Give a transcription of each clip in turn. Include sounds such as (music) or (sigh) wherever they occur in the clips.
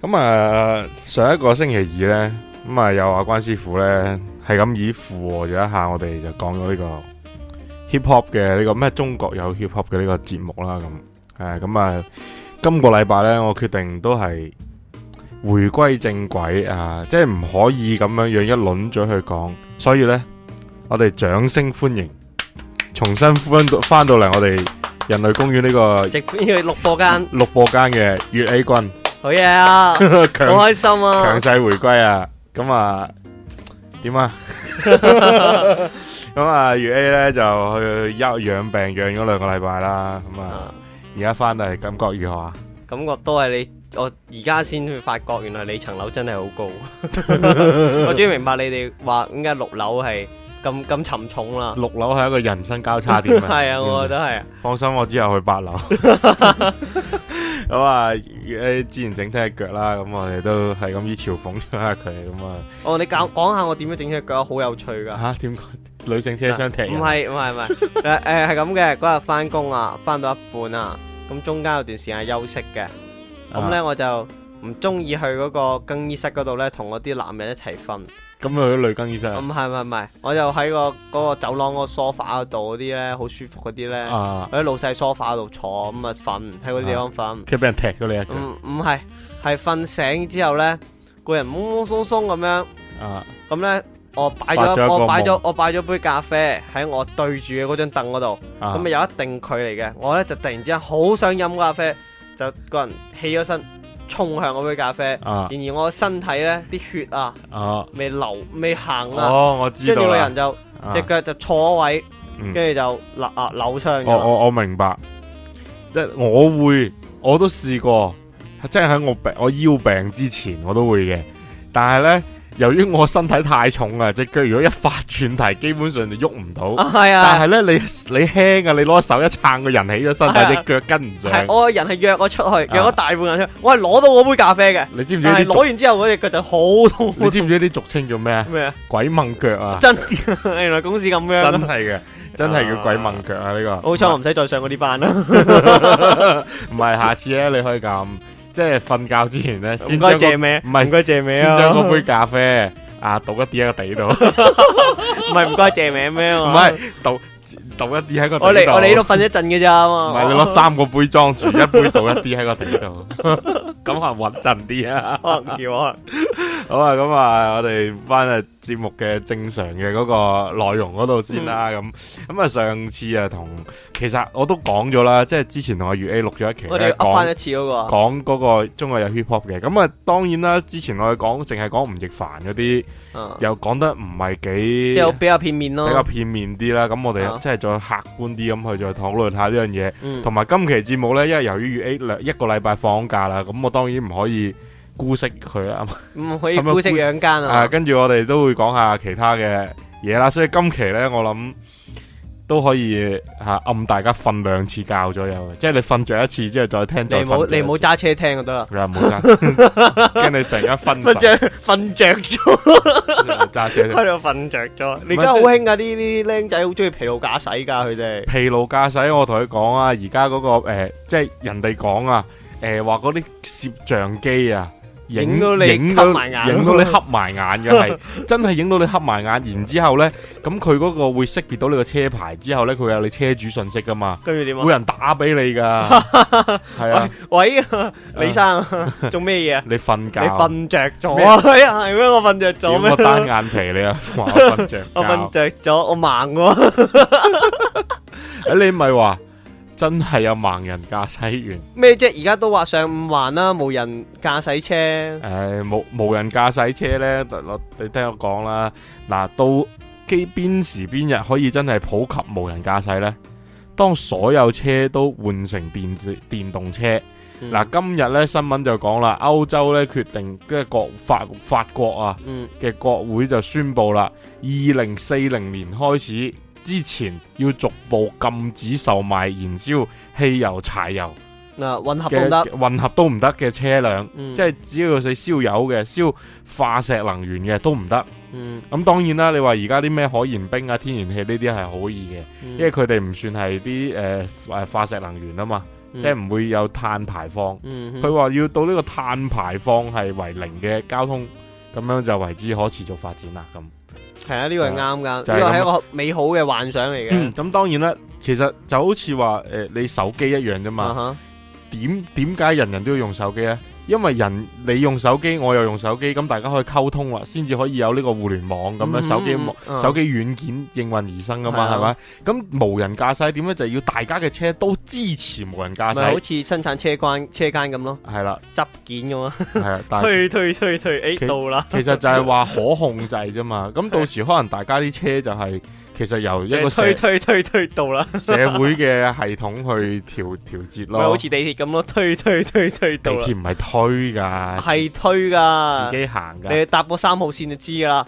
咁啊，上一個星期二咧，咁啊，有阿關師傅咧，係咁以附和咗一下，我哋就講咗呢個 hip hop 嘅呢個咩中國有 hip hop 嘅呢個節目啦。咁誒，咁啊，今個禮拜咧，我決定都係回歸正軌啊，即係唔可以咁樣樣一輪嘴去講。所以咧，我哋掌聲歡迎，重新翻到翻到嚟我哋人類公園呢個直播嘅錄播間，錄播間嘅粵 A 君。好嘢啊,好開心啊，強勢回歸啊，咁啊，點啊？咁啊，月 A 咧就去休養病養咗兩個禮拜啦，咁啊，而家翻嚟感覺如何啊？感覺都係你，我而家先去發覺，原來你層樓真係好高，我終於明白你哋話點解六樓係。咁咁沉重啦！六樓係一個人生交叉點啊！係 (laughs) 啊，我覺得係。放心，我之後去八樓。我啊，誒，之前整親隻腳啦，咁我哋都係咁以嘲諷下佢咁啊。哦，你講講下我點樣整親隻腳，好有趣噶。吓、啊，點講？女性車廂停？唔係唔係唔係，誒誒，係咁嘅。嗰日翻工啊，翻、 (laughs) 呃、到一半一啊，咁中間有段時間休息嘅，咁咧我就唔中意去嗰個更衣室嗰度咧，同嗰啲男人一齊瞓。咁佢喺雷更醫生、啊？唔係唔係唔係，我就喺個、那個走廊嗰個梳化嗰度嗰啲咧，好舒服嗰啲咧，喺、啊、老細梳化嗰度坐，咁啊瞓喺嗰啲地方瞓。佢俾人踢咗你一腳？唔唔係，係瞓醒之後咧，個人懵懵鬆鬆咁樣。啊！咁咧，我擺咗我擺咗我擺咗杯咖啡喺我對住嘅嗰張凳嗰度，咁啊有一定距離嘅。我咧就突然之間好想飲咖啡，就個人起咗身。衝向我杯咖啡，啊、然而我的身體咧啲血啊未、啊、流未行啦，即、哦、知呢個人就隻腳、啊、就錯位，跟、嗯、住就立啊扭傷。我我我明白，即係我會我都試過，即真係喺我病我腰病之前我都會嘅，但係咧。由於我身體太重喇，隻腳如果一發轉提，基本上就喐唔到。啊係啊！但係咧，你你輕啊，啊，你攞手一撐，個人起咗身，但係隻腳跟唔上。我、啊、我人係約我出去，啊、約咗大半人出去，我係攞到我杯咖啡嘅。你知唔知道？攞完之後，我隻腳就好痛。你知唔知啲俗稱叫咩啊？咩啊？鬼掹腳啊！真，原來公司咁樣、啊。真係嘅，真係叫鬼掹腳啊！呢、啊呢個。好彩我唔使再上嗰啲班啦。唔係， (laughs) 下次咧你可以咁。即係瞓覺之前咧，唔該借名，唔係唔該借名，先將嗰、那個、杯咖啡 (laughs) 啊倒一啲喺個地度，唔係唔該借名咩？唔係倒。倒一啲喺個地度，我哋我哋呢度瞓一陣嘅咋，唔、啊、係、啊、你攞三個杯裝住、啊，一杯倒一啲喺個地度，咁啊穩陣啲啊， (laughs) 啊，好啊，好啊，咁啊，我哋翻去節目嘅正常嘅嗰個內容嗰度先啦，咁咁啊上次啊同，其實我都講咗啦，即係之前同阿月 A 錄咗一期，我哋翻一次嗰、嗰個，講嗰個中國有 hiphop 嘅，咁啊當然啦，之前我哋講淨係講吳亦凡嗰啲、啊，又講得唔係幾，比較片面咯，比較片面啲啦，咁我哋、啊、即係客觀啲咁去再討論下呢樣嘢，同埋今期節目呢，因為由於月 A 兩一個禮拜放假啦，咁我當然唔可以姑息佢啊嘛，唔可以姑息養奸啊！啊，跟住我哋都會講下其他嘅嘢啦，所以今期呢，我諗。都可以嚇暗大家瞓兩次覺左右嘅，即係你瞓著一次之後再聽，就你唔好你唔好揸車聽就得啦。係啊，唔好揸，驚你突然間瞓瞓著瞓著咗，揸車喺度瞓著咗。你而家好興啊，啲啲僆仔好中意疲勞駕駛噶，佢哋疲勞駕駛。我同佢講啊，而家嗰個誒，即係人哋講啊，誒話嗰啲攝像機啊。影到，到你黑埋眼的，影 (laughs) 到你黑埋眼嘅係，真係影到你黑埋眼。然之後咧，咁佢嗰個會識別到你個車牌之後咧，佢有你車主信息噶嘛？跟住點啊？會有人打俾你噶？係 (laughs) 啊，喂，喂李生、啊、做咩嘢你瞓覺，你瞓着咗啊？係咩？ (laughs) 我瞓着咗咩？我單眼皮你啊？我瞓着， (laughs) 我瞓着咗，我盲喎、啊 (laughs) 哎。你唔係話？真係有盲人駕駛員咩？啫？而家都話上五環啦，無人駕駛車。誒、呃，無無人駕駛車呢、嗯？你聽我講啦。嗱、啊，到幾邊時邊日可以真係普及無人駕駛呢？當所有車都換成電電動車。嗱、嗯啊，今日咧新聞就講啦，歐洲咧決定，跟住國法法國啊嘅、嗯、國會就宣布啦，二零四零年開始。之前要逐步禁止售賣燃燒汽油、柴油嘅、啊、混合都唔得、混合都唔得嘅車輛、嗯，即係只要你燒油嘅、燒化石能源嘅都唔得。咁、嗯嗯、當然啦，你話而家啲咩可燃冰啊、天然氣呢啲係可以嘅，因為佢哋唔算係啲誒誒化石能源啊嘛，嗯、即係唔會有碳排放。佢、嗯、話要到呢個碳排放係為零嘅交通，咁樣就為之可持續發展啦咁。係啊，呢、這個係啱㗎。呢個係一個美好嘅幻想嚟嘅。咁、嗯、當然啦，其實就好似話誒，你手機一樣啫嘛。Uh-huh. 點點解人人都要用手機咧？因為人你用手機，我又用手機，咁大家可以溝通啦，先至可以有呢個互聯網咁樣手機、嗯，手機軟件、嗯、應運而生噶嘛，係咪？咁無人駕駛點樣，就是、要大家嘅車都支持無人駕駛。咪好似生產車關車間咁咯？係啦，執件噶嘛？係啊， (laughs) 推推推推 A、欸、到啦。其實就係話可控制啫嘛，咁 (laughs) 到時可能大家啲車就係、是。其實由一個推推推推到啦，社會嘅系統去調調節咯，咪好似地鐵咁咯，推推推推到。地鐵唔係推噶，係推噶，自己行噶。你搭過三號綫就知噶啦。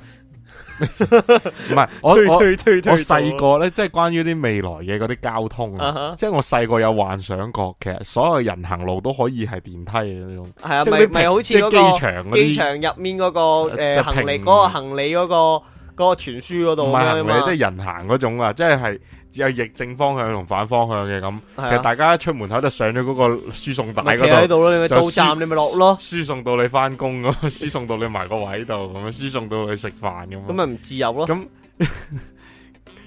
唔 (laughs) 係，我推我推我細個咧， (laughs) 即係關於啲未來嘅嗰啲交通啊，uh-huh。即係我細個有幻想過，其實所有人行路都可以係電梯嘅呢種。係啊，咪好似機、嗰個、場機場入面嗰、嗰個誒、呃就是、行李嗰、嗰個行李嗰、嗰個。個傳輸嗰度係行，即係人行嗰種啊！ (laughs) 即係係只有逆正方向同反方向嘅咁、啊。其實大家一出門口就上咗嗰個輸送帶嗰度，咯，你咪到站你咪落咯。輸送到你翻工咁，輸 (laughs) 送到你埋個位度咁，輸送到你食飯咁。咁咪唔自由咯？咁 (laughs)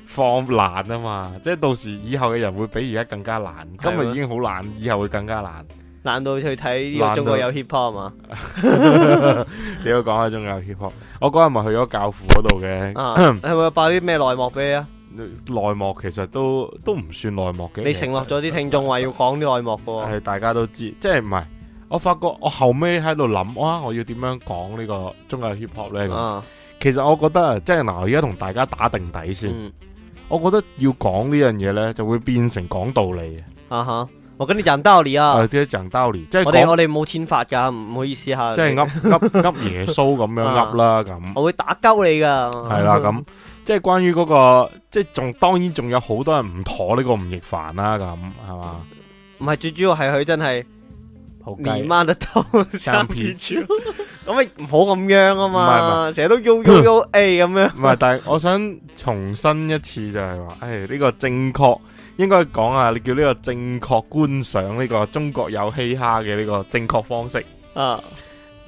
放懶啊嘛！即係到時以後嘅人會比而家更加懶。今日已經好懶，以後會更加懶。難到去睇呢個中國有 hiphop 啊嘛？ (laughs) (laughs) 你要講下中國有 hiphop？我嗰日咪去咗教父嗰度嘅，係咪爆啲咩內幕俾你啊？內 (coughs) 幕，幕其實都都唔算內幕嘅。你承諾咗啲聽眾話要講啲內幕喎，係大家都知，即係唔係？我發覺我後尾喺度諗，哇，啊！我要點樣講呢個中國有 hiphop 咧，啊？其實我覺得啊，即係嗱，我而家同大家打定底先。嗯，我覺得要講呢樣嘢咧，就會變成講道理。啊，哈。我跟你講道理啊！誒，啲講道理，即係我哋我哋冇錢發噶，唔好意思吓。即係噏噏噏耶穌咁樣噏啦咁。我會打鳩你噶。係啦咁，即係關於嗰個，即係仲當然仲有好多人唔妥呢個吳亦凡啦咁，係嘛？唔係最主要係佢真係連掹得到三 P 超，咁咪唔好咁樣啊嘛！成日都噏噏噏啊咁樣。唔係，但係我想重申一次就係話，誒呢個正確。應該講啊，你叫呢個正確觀賞呢個中國有嘻哈嘅呢個正確方式啊。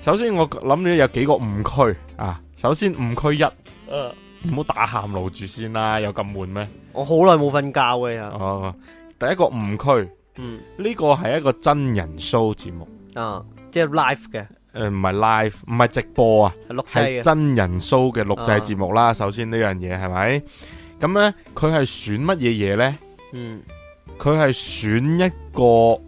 首先，我諗咗有幾個誤區啊。首先，誤區一，唔好打喊路住先啦，有咁悶咩？我好耐冇瞓覺嘅又。哦，第一個誤區，嗯，呢個係一個真人 show 節目啊，即係 live 嘅。誒，唔係 live，唔係直播啊，係錄製嘅真人 show 嘅錄製節目啦。首先呢樣嘢係咪咁咧？佢係選乜嘢嘢咧？嗯，佢係選一個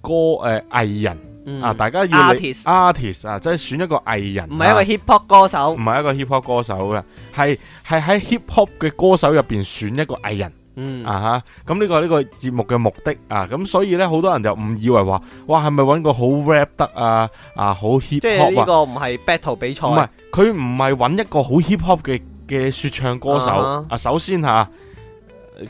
歌誒藝、呃、人、嗯、啊，大家要 artist 啊，即、就、係、是、選一個藝人，唔係一個 hip hop 歌手，唔、啊、係一個 hip hop 歌手嘅，係係喺 hip hop 嘅歌手入邊選一個藝人，嗯啊吓，咁、啊、呢是是個呢個節目嘅目的啊，咁所以咧，好多人就誤以為話，哇係咪搵個好 rap 得啊啊好 hip hop 即係呢個唔係 battle 比賽，唔係佢唔係搵一個好 hip hop 嘅嘅說唱歌手啊，啊，首先吓。啊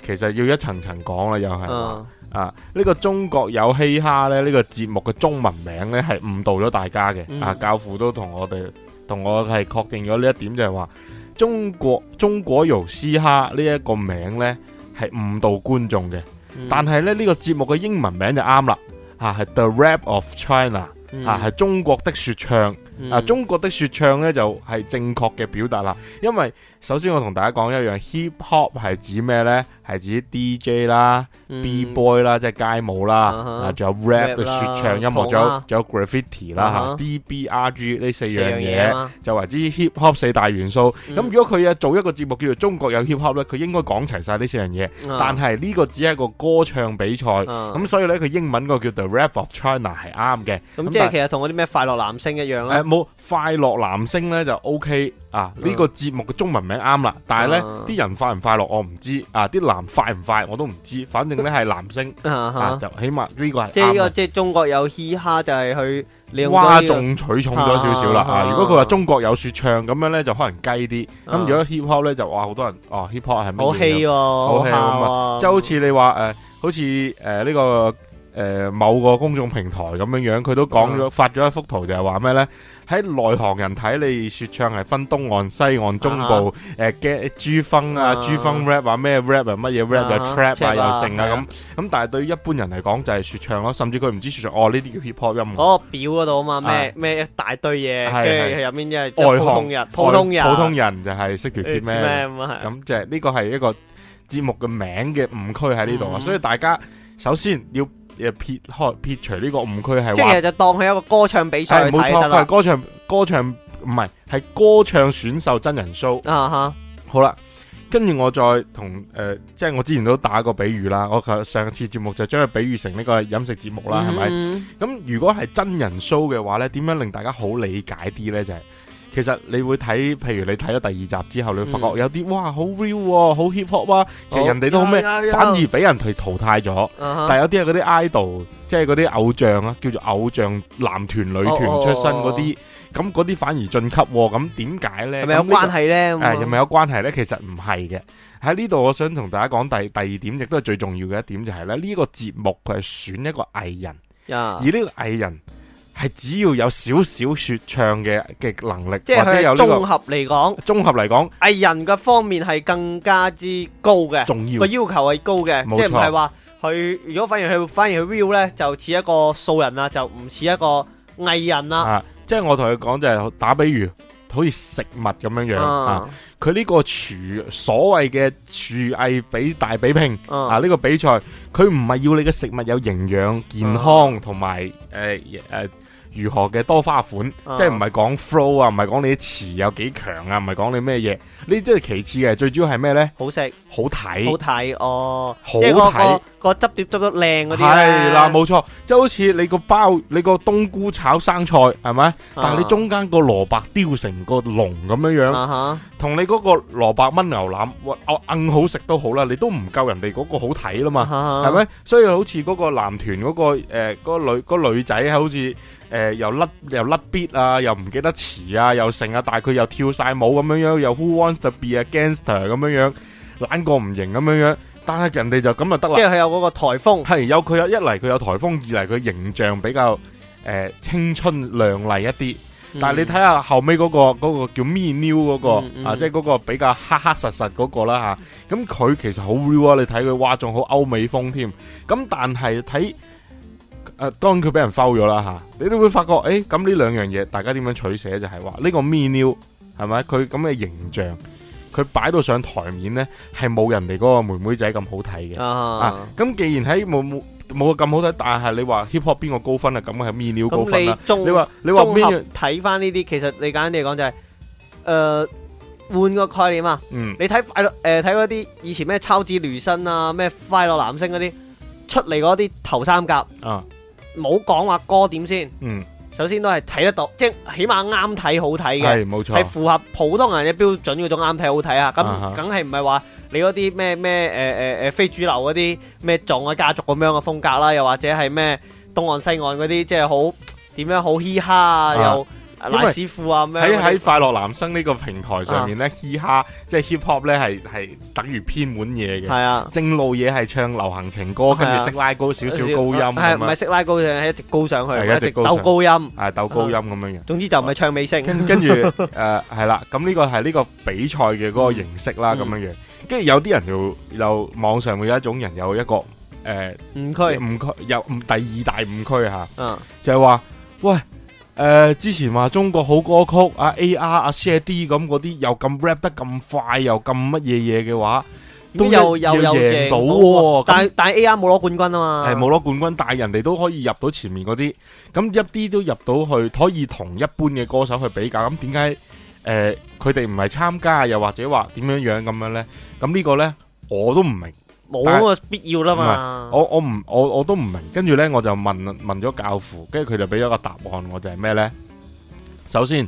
其實要一層層講啦，又係、uh. 啊呢、這個中國有嘻哈咧，呢、這個節目嘅中文名咧係誤導咗大家嘅、嗯。啊，教父都同我哋同我係確認咗呢一點就是說，就係話中國中國有嘻哈呢一個名咧係誤導觀眾嘅、嗯。但係咧呢、這個節目嘅英文名就啱啦，吓、啊、係 The Rap of China，吓、嗯、係、啊、中國的說唱、嗯。啊，中國的說唱咧就係、是、正確嘅表達啦。因為首先我同大家講一樣，hip hop 係指咩咧？係指 D J 啦、嗯、B Boy 啦、即係街舞啦，啊，仲有 rap 嘅説唱音樂，仲有仲有 graffiti 啦嚇、啊、D B R G 呢四樣嘢、啊、就為之 hip hop 四大元素。咁、嗯、如果佢啊做一個節目叫做《中國有 hip hop》咧，佢應該講齊晒呢四樣嘢、啊。但係呢個只係一個歌唱比賽，咁、啊、所以咧佢英文嗰個叫做《The Rap of China》係啱嘅。咁即係其實同嗰啲咩快樂男聲一樣啦、啊。冇、啊、快樂男聲咧就 O K。啊！呢、這個節目嘅中文名啱啦，但係咧啲人快唔快樂我唔知，啊啲男快唔快我都唔知，反正咧係男星、 (laughs) 啊、就起碼呢個係。即係呢個，即係中國有嘻哈就係去、這個，嘩眾取寵咗少少啦，如果佢話中國有說唱咁樣咧，就可能雞啲。咁 (laughs) 如果 hip hop 咧就哇，好多人哦，hip hop 係咩？好氣哦，好氣咁哦，即係好似你話誒，好似誒呢個。誒，某個公眾平台咁樣樣，佢都講咗發咗一幅圖，就係話咩咧？喺內行人睇，你說唱係分東岸、西岸、中部誒嘅 G-Funk 啊，G-Funkrap 話咩 rap 又乜嘢 rap 又 trap 啊，又剩啊咁。咁但係對於一般人嚟講就係說唱咯，甚至佢唔知說唱哦呢啲叫 hip hop 音樂。嗰個表嗰度啊嘛，咩咩一大堆嘢，跟住入面即係外行人、普通人、普通人就係識條鐵咩咁，就係呢個係一個節目嘅名嘅誤區喺呢度啊，所以大家首先要。撇開撇除呢個誤區是，係即係就當佢一個歌唱比賽嚟睇得，佢係歌唱歌唱唔係係歌唱選秀真人 show 啊嚇。Uh-huh. 好啦，跟住我再同誒、呃，即係我之前都打個比喻啦。我上次節目就將佢比喻成呢個飲食節目啦，係、mm-hmm. 咪？咁如果係真人 show 嘅話呢點樣令大家好理解啲呢？就係、是。其實你會睇，譬如你睇咗第二集之後，你會發覺有啲哇好 real，好 hip hop 哇，其實、啊啊 oh, 人哋都好咩，yeah, yeah, yeah. 反而俾人佢淘汰咗。Uh-huh. 但係有啲係嗰啲 idol，即係嗰啲偶像啊，叫做偶像男團女團出身嗰啲，咁嗰啲反而晉級、啊。咁點解呢？係咪有關係呢？有，係咪有關係呢？其實唔係嘅。喺呢度，我想同大家講第第二點，亦都係最重要嘅一點、就是，就係咧呢個節目佢係選一個藝人，yeah. 而呢個藝人。係只要有少少說唱嘅嘅能力，即係佢綜合嚟講，綜、這個、綜合嚟講，藝人嘅方面係更加之高嘅，重要個要求係高嘅，即係唔係話佢如果反而佢反而佢 real 咧，就似一個素人，像個人啊，就唔似一個藝人啊。即係我同佢講就係打比喻，好似食物咁樣樣啊。佢呢個廚所謂嘅廚藝比大比拼、嗯、啊呢、這個比賽，佢唔係要你嘅食物有營養、健康同埋誒誒。嗯如何嘅多花款，即係唔係講 flow 啊，唔係講你啲詞有幾強啊，唔係講你咩嘢，呢啲係其次嘅，最主要係咩呢？好食，好睇。好睇哦，好睇、嗰個。哦嗰個、嗰個個執碟執得靚嗰啲啦。係啦，冇錯，即係好似你個包，你個冬菇炒生菜係咪？Uh-huh. 但係你中間個蘿蔔雕成個龍咁樣樣，同、uh-huh. 你嗰個蘿蔔炆牛腩，我硬好食都好啦，你都唔夠人哋嗰個好睇啦嘛，係、uh-huh. 咪？所以好似嗰個男團嗰、嗰個誒，個、呃、女個女仔好似。誒、呃，又甩又甩 beat 啊，又唔記得詞啊，又剩啊，但係佢又跳晒舞咁樣樣，又 Who Wants to Be a Gangster 咁樣樣，懶過唔型咁樣樣，但係人哋就咁就得啦。即係佢有嗰個台風，係有佢有一嚟佢有台風，二嚟佢形象比較誒、呃、青春靚麗一啲、嗯。但係你睇下後尾嗰、那個嗰、那個叫 Me New 嗰、那個嗯嗯啊，即係嗰個比較黑黑實實嗰、那個啦吓。咁、啊、佢其實好 real，你睇佢哇仲好歐美風添。咁但係睇。誒、啊、當然佢俾人 fail 咗啦嚇，你都會發覺誒咁呢兩樣嘢，大家點樣取捨就係話呢個 Miu，係咪佢咁嘅形象，佢擺到上台面咧係冇人哋嗰個妹妹仔咁好睇嘅啊。咁、啊、既然喺冇冇冇咁好睇，但係你話 hip hop 邊個高分啊？咁係 Miu 高分啦、啊。你話你話睇返呢啲？其實你簡單啲嚟講就係、是、誒、呃、換個概念啊。嗯、你睇快樂誒睇嗰啲以前咩超級女聲啊咩快樂男聲嗰啲出嚟嗰啲頭三甲啊。冇講話歌點先，嗯、首先都係睇得到，即係起碼啱睇好睇嘅，係冇錯，係符合普通人嘅標準嗰種啱睇好睇啊！咁梗係唔係話你嗰啲咩咩誒誒誒非主流嗰啲咩種嘅家族咁樣嘅風格啦，又或者係咩東岸西岸嗰啲即係好，點樣好嘻哈又。啊拉師傅啊，咩喺喺快樂男生呢個平台上面咧、啊、嘻哈，即、就、係、是、hip hop 咧係係等於偏門嘢嘅，係啊正路嘢係唱流行情歌，跟住識拉高少少高音，係咪識拉高嘅，一直高上去，一直高鬥高音，係鬥高音咁樣樣。總之就唔係唱美聲，啊啊，跟住誒係啦，咁呢個係呢個比賽嘅嗰個形式啦，咁、嗯、樣樣。跟住有啲人有有網上會有一種人有一個誒誤區誤區有第二大誤區吓，就係、是、話喂。誒、呃，之前話中國好歌曲啊，A R 啊 Share D 咁嗰啲又咁 rap 得咁快，又咁乜嘢嘢嘅話，都又，又到、哦，但係但係 A R 冇攞冠軍啊嘛，係冇攞冠軍，但係人哋都可以入到前面嗰啲，咁一啲都入到去，可以同一般嘅歌手去比較，咁點解誒佢哋唔係參加，又或者話點樣樣咁樣呢？咁呢個呢，我都唔明。冇咁嘅必要啦嘛，我我唔我我都唔明，跟住呢我就問問咗教父，跟住佢就俾咗個答案，我就係咩呢？首先，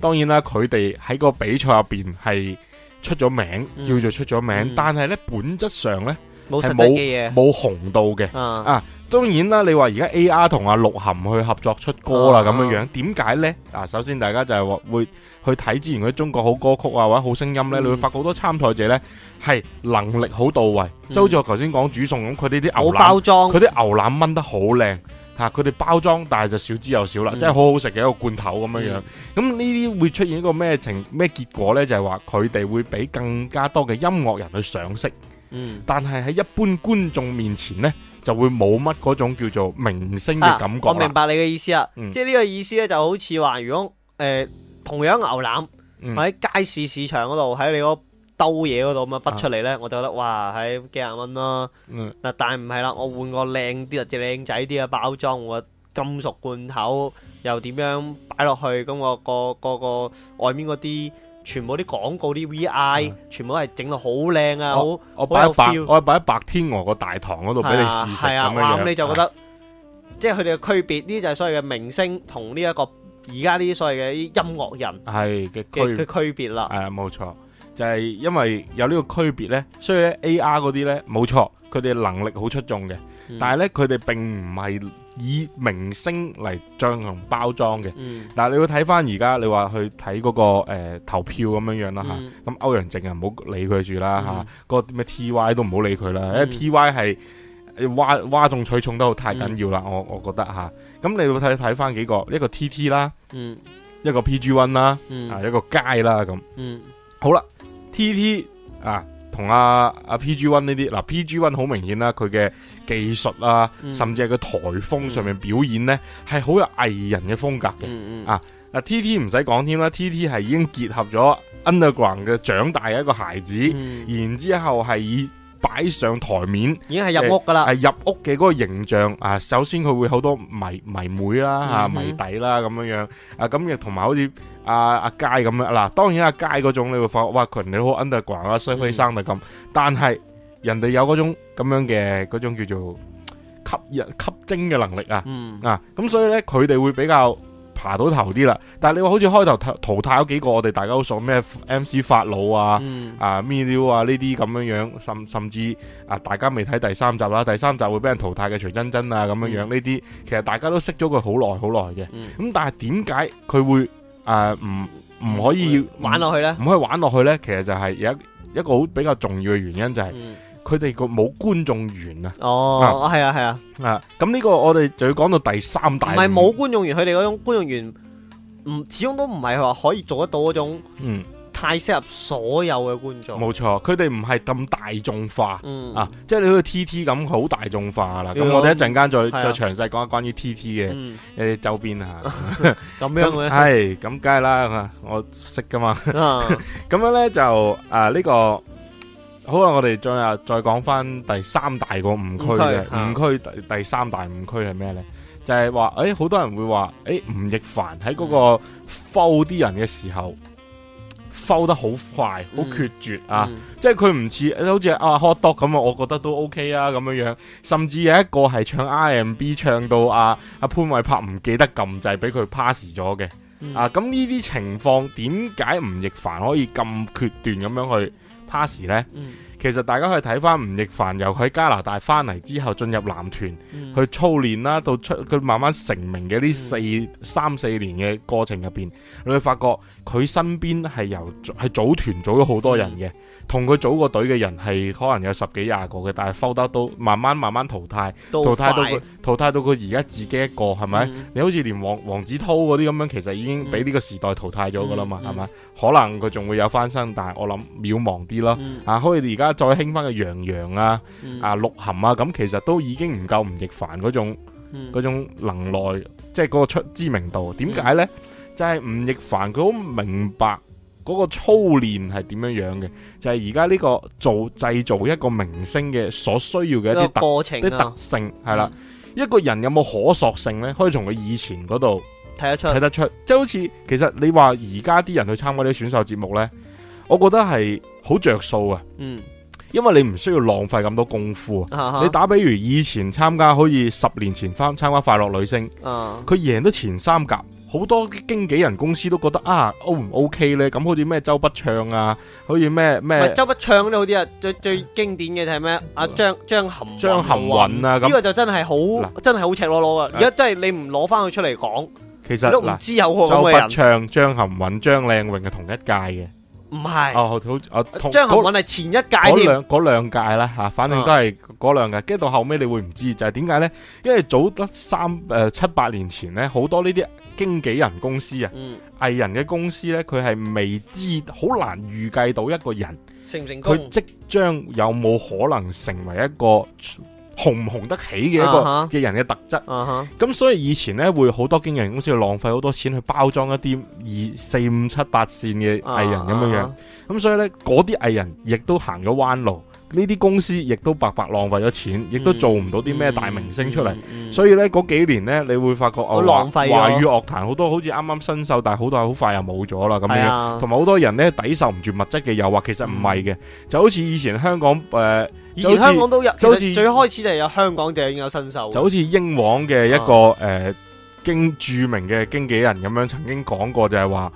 當然啦，佢哋喺個比賽入邊係出咗名，叫做出咗名，但係呢本質上呢係冇冇紅到嘅啊。當然啦，你話而家 A R 同阿鹿晗去合作出歌啦，咁樣樣，點解呢？啊呢，首先大家就係話會去睇之前嗰啲中國好歌曲啊，或者好聲音呢、嗯，你會發覺好多參賽者呢係能力好到位，即好似我頭先講煮餸咁，佢哋啲牛腩，佢啲牛腩炆得好靚，吓，佢哋包裝，但係就少之又少啦，即、嗯、係、就是、好好食嘅一個罐頭咁樣樣。咁呢啲會出現一個咩情咩結果呢？就係話佢哋會俾更加多嘅音樂人去賞識，嗯，但係喺一般觀眾面前呢。就會冇乜嗰種叫做明星嘅感覺、啊。我明白你嘅意思啊、嗯，即係呢個意思咧就好似話，如果誒、呃、同樣牛腩喺、嗯、街市市場嗰度喺你嗰兜嘢嗰度咁啊筆出嚟咧，我就覺得哇，喺、哎、幾廿蚊啦。嗱、嗯，但係唔係啦，我換個靚啲或者靚仔啲嘅包裝，我金屬罐頭又點樣擺落去？咁我個個個外面嗰啲。全部啲廣告啲 VI，的全部係整到好靚啊！好，我擺喺白，feel，我擺喺白天鵝個大堂嗰度俾你試食咁嘅嘢。你就覺得，啊、即係佢哋嘅區別，呢就係、是、所謂嘅明星同呢一個而家呢啲所謂嘅音樂人的，係嘅嘅區別啦。係啊，冇錯，就係、是、因為有呢個區別咧，所以咧 AR 嗰啲咧冇錯，佢哋能力好出眾嘅，嗯、但係咧佢哋並唔係。以明星嚟進行包裝嘅，嗱、嗯，你要睇翻而家你話去睇嗰、那個、呃、投票咁樣樣啦嚇，咁、嗯啊、歐陽靖、嗯、啊唔好理佢住啦嚇，嗰啲咩 T.Y. 都唔好理佢啦、嗯，因為 T.Y. 係嘩嘩眾取寵得好太緊要啦、嗯，我我覺得吓，咁、啊、你會睇睇翻幾個一個 T.T. 啦，嗯、一個 P.G. One 啦，嗯、啊一個街啦咁、嗯，好啦 T.T. 啊。同阿阿 PG One 呢啲嗱 PG One 好明顯啦、啊，佢嘅技術啊、嗯，甚至係個台風上面表演咧，係、嗯、好有藝人嘅風格嘅、嗯嗯、啊！啊 TT 唔使講添啦，TT 係已經結合咗 Underground 嘅長大嘅一個孩子，嗯、然之後係以。擺上台面，已經係入屋噶啦，係入屋嘅嗰個形象啊。首先佢會好多迷迷妹啦、迷弟啦咁樣樣啊。咁亦同埋好似阿阿佳咁樣嗱。當然阿佳嗰種你會發覺哇，群你好 underground 啊，衰鬼生到咁。但係人哋有嗰種咁樣嘅嗰種叫做吸引吸精嘅能力啊。啊，咁所以咧佢哋會比較。爬到頭啲啦，但係你話好似開頭淘汰咗幾個，我哋大家都上咩 MC 法老啊，嗯、啊 Miu 啊呢啲咁樣樣，甚甚至啊大家未睇第三集啦，第三集會俾人淘汰嘅徐真真啊咁樣樣呢啲，其實大家都識咗佢好耐好耐嘅，咁、嗯、但係點解佢會誒唔唔可以玩落去咧？唔可以玩落去咧？其實就係有一一個好比較重要嘅原因就係、是。嗯佢哋個冇觀眾緣啊！哦，係啊，係啊，啊！咁呢、啊、個我哋就要講到第三大，唔係冇觀眾緣，佢哋嗰種觀眾緣，唔始終都唔係話可以做得到嗰種，嗯，太適合所有嘅觀眾。冇錯，佢哋唔係咁大眾化，啊，即係你好似 T T 咁好大眾化啦。咁、嗯、我哋一陣間再、啊、再詳細講下關於 T T 嘅誒周邊啊，咁樣係咁梗係啦，我識噶嘛，咁、啊、 (laughs) 樣咧就啊呢、這個。好啦，我哋再啊再講翻第三大個誤區嘅，誤區第第三大誤區係咩呢？就係話誒，好、欸、多人會話誒，吳、欸、亦凡喺嗰個 f o l d 啲人嘅時候 f o l d 得好快，好決絕、嗯、啊！嗯、即係佢唔似好似啊 Hot Dog 咁啊，我覺得都 OK 啊，咁樣樣。甚至有一個係唱 R&B 唱到啊阿潘瑋柏唔記得撳掣，俾佢 pass 咗嘅啊！咁呢啲情況點解吳亦凡可以咁決斷咁樣去？當時咧，其實大家可以睇翻吳亦凡由佢喺加拿大翻嚟之後進入男團，去操練啦，到出佢慢慢成名嘅呢四三四年嘅過程入邊，你會發覺佢身邊係由係組團組咗好多人嘅。同佢組過隊嘅人係可能有十幾廿個嘅，但係 hold 得到，慢慢慢慢淘汰，淘汰到佢淘汰到佢而家自己一個，係咪？嗯、你好似連黃，黃子韜嗰啲咁樣，其實已經俾呢個時代淘汰咗噶啦嘛，係、嗯、咪？嗯、可能佢仲會有翻身，但係我諗渺茫啲咯。嗯、啊，好似而家再興翻個楊洋啊，嗯、啊，鹿晗啊，咁其實都已經唔夠吳亦凡嗰種嗰、嗯、種能耐，即係嗰個出知名度。點解呢？嗯、就係吳亦凡佢好明白。嗰、那個操練係點樣樣嘅？就係而家呢個做製造一個明星嘅所需要嘅一啲特啲、啊、特性係啦，嗯、一個人有冇可塑性呢？可以從佢以前嗰度睇得出，睇得出，即係好似其實你話而家啲人去參加啲選秀節目呢，我覺得係好着數啊。嗯。因為你唔需要浪費咁多功夫啊！Uh-huh. 你打比如以前參加好似十年前翻參加快樂女聲，佢贏得前三甲，好多經紀人公司都覺得啊 O 唔 OK 呢？咁好似咩周筆暢啊，好似咩咩周筆暢都好啲啊！最最經典嘅就係咩？阿張張含張含韻啊！咁、啊、呢、啊這個就真係好、啊、真係好赤裸裸噶！而、啊、家真係你唔攞翻佢出嚟講，其實都唔知有咁嘅人。周筆暢、張含韻、張靚穎係同一屆嘅。唔係，哦、啊、好，哦、啊、同張學係前一屆，嗰兩兩嗰屆啦吓，反正都係嗰兩屆。跟、嗯、到後尾你會唔知，就係點解呢？因為早得三、呃、七八年前呢，好多呢啲經紀人公司啊，嗯、藝人嘅公司呢，佢係未知，好難預計到一個人成唔成功，佢即將有冇可能成為一個紅唔紅得起嘅一個嘅人嘅特質，咁、uh-huh. uh-huh. 所以以前呢會好多經紀公司去浪費好多錢去包裝一啲二四五七八線嘅藝人咁樣樣，咁、uh-huh. 所以呢，嗰啲藝人亦都行咗彎路。呢啲公司亦都白白浪費咗錢，亦、嗯、都做唔到啲咩大明星出嚟、嗯嗯嗯，所以呢，嗰幾年呢，你會發覺好浪費、華華語樂壇好多好似啱啱新秀，但係好多好快又冇咗啦，咁樣，同埋好多人呢抵受唔住物質嘅誘惑，其實唔係嘅，就好似以前香港誒、呃，以前香港都有，好似最開始就有香港就有新秀，就好似英皇嘅一個誒經、啊呃、著名嘅經紀人咁樣，曾經講過就係話。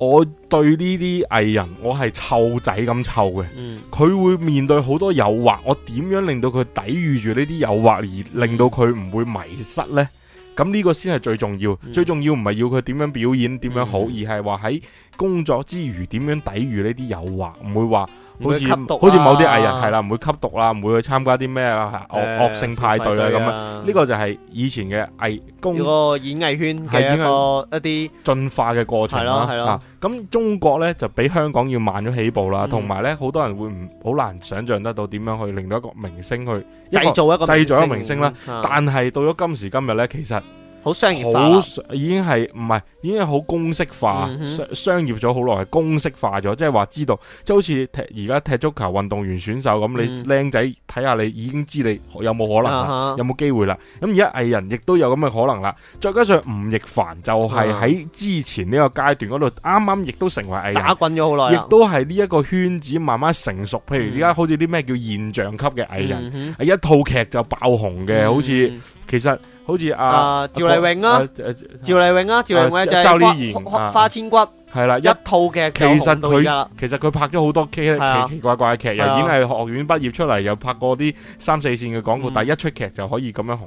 我對呢啲藝人，我係湊仔咁湊嘅。佢、嗯、會面對好多誘惑，我點樣令到佢抵禦住呢啲誘惑，而令到佢唔會迷失呢？咁呢個先係最重要。嗯、最重要唔係要佢點樣表演點樣好，而係話喺工作之餘點樣抵禦呢啲誘惑，唔會話。好似好似某啲藝人係啦，唔會吸毒啦、啊，唔會，、啊、會去參加啲咩惡惡、欸、性派對啦咁啊，、這個這個、啊，呢個就係以前嘅藝工個演藝圈嘅個一啲進化嘅過程啦，係咁中國咧就比香港要慢咗起步啦，同埋咧好多人會唔好難想象得到點樣去令到一個明星去製造一個明星製造一個明星啦，嗯、但係到咗今時今日咧，其實。.好商業化，已經係唔係？已經係好公式化，嗯、商，商業咗好耐，公式化咗，即係話知道，即係好似踢而家踢足球運動員選手咁、嗯，你僆仔睇下，你已經知你有冇可能、啊，有冇機會啦。咁而家藝人亦都有咁嘅可能啦。再加上吳亦凡就係喺之前呢個階段嗰度，啱啱亦都成為藝人，打滾咗好耐，亦都係呢一個圈子慢慢成熟。譬如而家好似啲咩叫現象級嘅藝人，嗯、一套劇就爆紅嘅、嗯，好似。其實好似阿趙麗穎啊，趙麗穎啊，趙麗穎就係花,、啊花,啊、花千骨係啦，一套劇就到依家啦。其實佢拍咗好多劇，奇奇怪怪嘅劇。又演藝學院畢業出嚟，又拍過啲三四線嘅廣告，但一出劇就可以咁樣紅，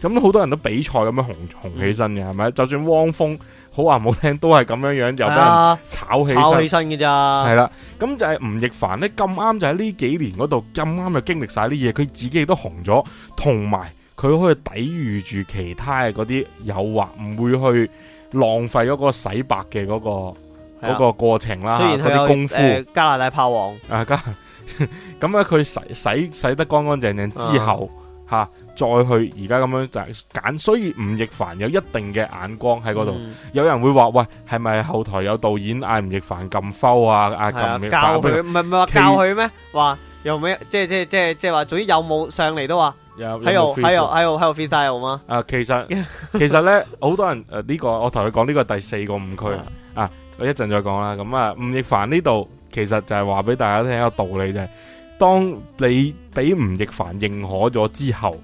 咁、嗯、好多人都比賽咁樣紅紅起身嘅係咪？就算汪峰，好話唔好聽，都係咁樣樣，有得炒起炒起身嘅咋。係啦，咁就係吳亦凡咧，咁啱就喺呢幾年嗰度，咁啱就經歷晒啲嘢，佢自己都紅咗，同埋。佢可以抵禦住其他嘅嗰啲誘惑，唔會去浪費咗個洗白嘅嗰、嗰個嗰、啊嗰個過程啦。雖然佢功夫、呃、加拿大炮王啊，加咁咧佢洗洗洗得乾乾淨淨之後吓、嗯啊、再去而家咁樣就揀。所以吳亦凡有一定嘅眼光喺嗰度。有人會話：「喂，係咪後台有導演嗌吳亦凡 f 撳摟啊？啊撳咩？教佢唔係唔係話教佢咩？話又咩？即係即係即即話，總之有冇上嚟都話。」喺度喺度喺度喺度 feel 晒我嗎？啊，其實其實咧，好 (laughs) 多人誒呢、啊這個我同你講呢個係第四個誤區啊！我一陣再講啦。咁、嗯、啊，吳亦凡呢度其實就係話俾大家聽一個道理就係、是：當你俾吳亦凡認可咗之後，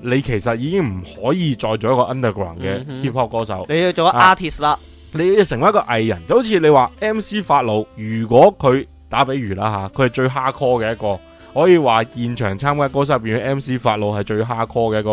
你其實已經唔可以再做一個 underground 嘅 Hip Hop 歌手，你要做一個 artist 啦、啊，你要成為一個藝人。就好似你話 M C 法老，如果佢打比如啦吓，佢係最 hardcore 嘅一個。可以話現場參加歌手入邊，M C 法老係最 hardcore 嘅一個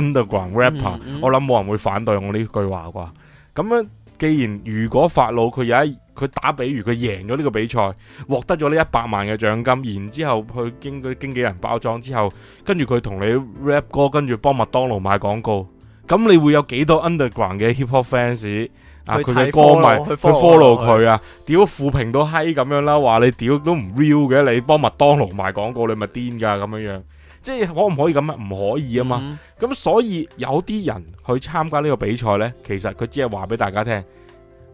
underground rapper。嗯嗯嗯，我諗冇人會反對我呢句話啩。咁樣，既然如果法老佢有一，佢打比喻，佢贏咗呢個比賽，獲得咗呢一百萬嘅獎金，然之後去經佢經紀人包裝之後，跟住佢同你 rap 歌，跟住幫麥當勞賣廣告。咁你會有幾多 underground 嘅 hiphop fans 啊？佢嘅歌迷去 follow 佢啊？屌、啊、負評到閪咁樣啦，話你屌都唔 real 嘅，你幫麥當勞賣廣告、嗯、你咪癲噶咁樣樣，即係可唔可以咁？唔可以啊嘛。咁、嗯、所以有啲人去參加呢個比賽咧，其實佢只係話俾大家聽。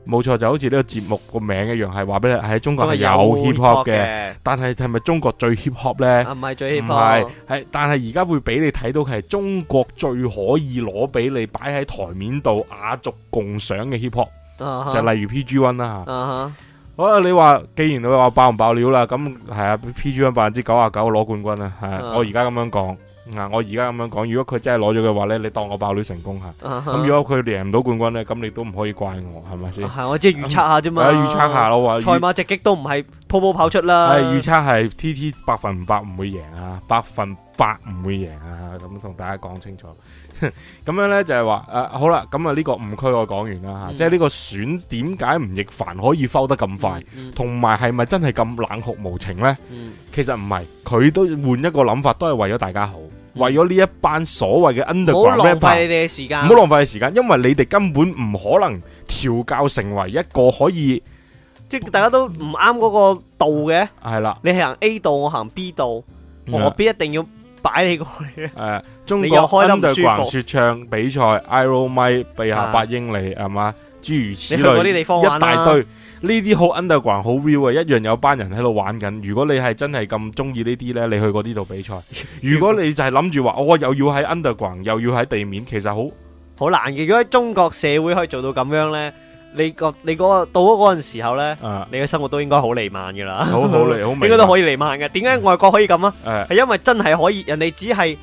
冇錯，就好似呢個節目個名一樣，係話俾你喺中國係有 hip hop 嘅，但係係咪中國最 hip hop 咧？唔、啊、係，係但係而家會俾你睇到係中國最可以攞俾你擺喺台面度雅俗共賞嘅 hip hop，、uh-huh. 就例如 PG One 啦吓。好啦，uh-huh. 好，你話既然你話爆唔爆料啦，咁係啊 PG One 百分之九啊九攞冠軍啦啊，係、uh-huh. 我而家咁樣講。嗱，我而家咁樣講，如果佢真係攞咗嘅話咧，你當我爆女成功吓。咁、uh-huh. 如果佢贏唔到冠軍咧，咁你都唔可以怪我，係咪先？係、uh-huh, 嗯，我即係預測下啫嘛。預測下咯，賽馬直擊都唔係鋪鋪跑出啦。係預測係 T T 百分百唔會贏啊，百分百唔會贏啊，咁同大家講清楚。咁樣咧就係話，誒好啦，咁啊呢個誤區我講完啦吓，即係呢個選，點解吳亦凡可以拋得咁快，同埋係咪真係咁冷酷無情咧？其實唔係，佢都換一個諗法，都係為咗大家好，為咗呢一班所謂嘅 underground，唔好浪費你哋嘅時間，唔好浪費你時間，因為你哋根本唔可能調教成為一個可以，即係大家都唔啱嗰個度嘅，係啦，你係行 A 度，我行 B 度，我必一定要擺你過去啊？中國開 underground 說唱比賽，iron mic 背下八英里係嘛？諸如此類，你去過啲地方，一大堆呢啲好 underground，好 view 啊，一樣有班人喺度玩緊。如果你係真係咁中意呢啲咧，你去過呢度比賽。如果你就係諗住話，我又要喺 underground，又要喺地面，其實好好難嘅。如果喺中國社會可以做到咁樣咧，你個你嗰個到咗嗰陣時候咧，你嘅生活都應該好離漫噶啦，好離好應該都可以離漫嘅。點解外國可以咁啊？係因為真係可以，人哋只係。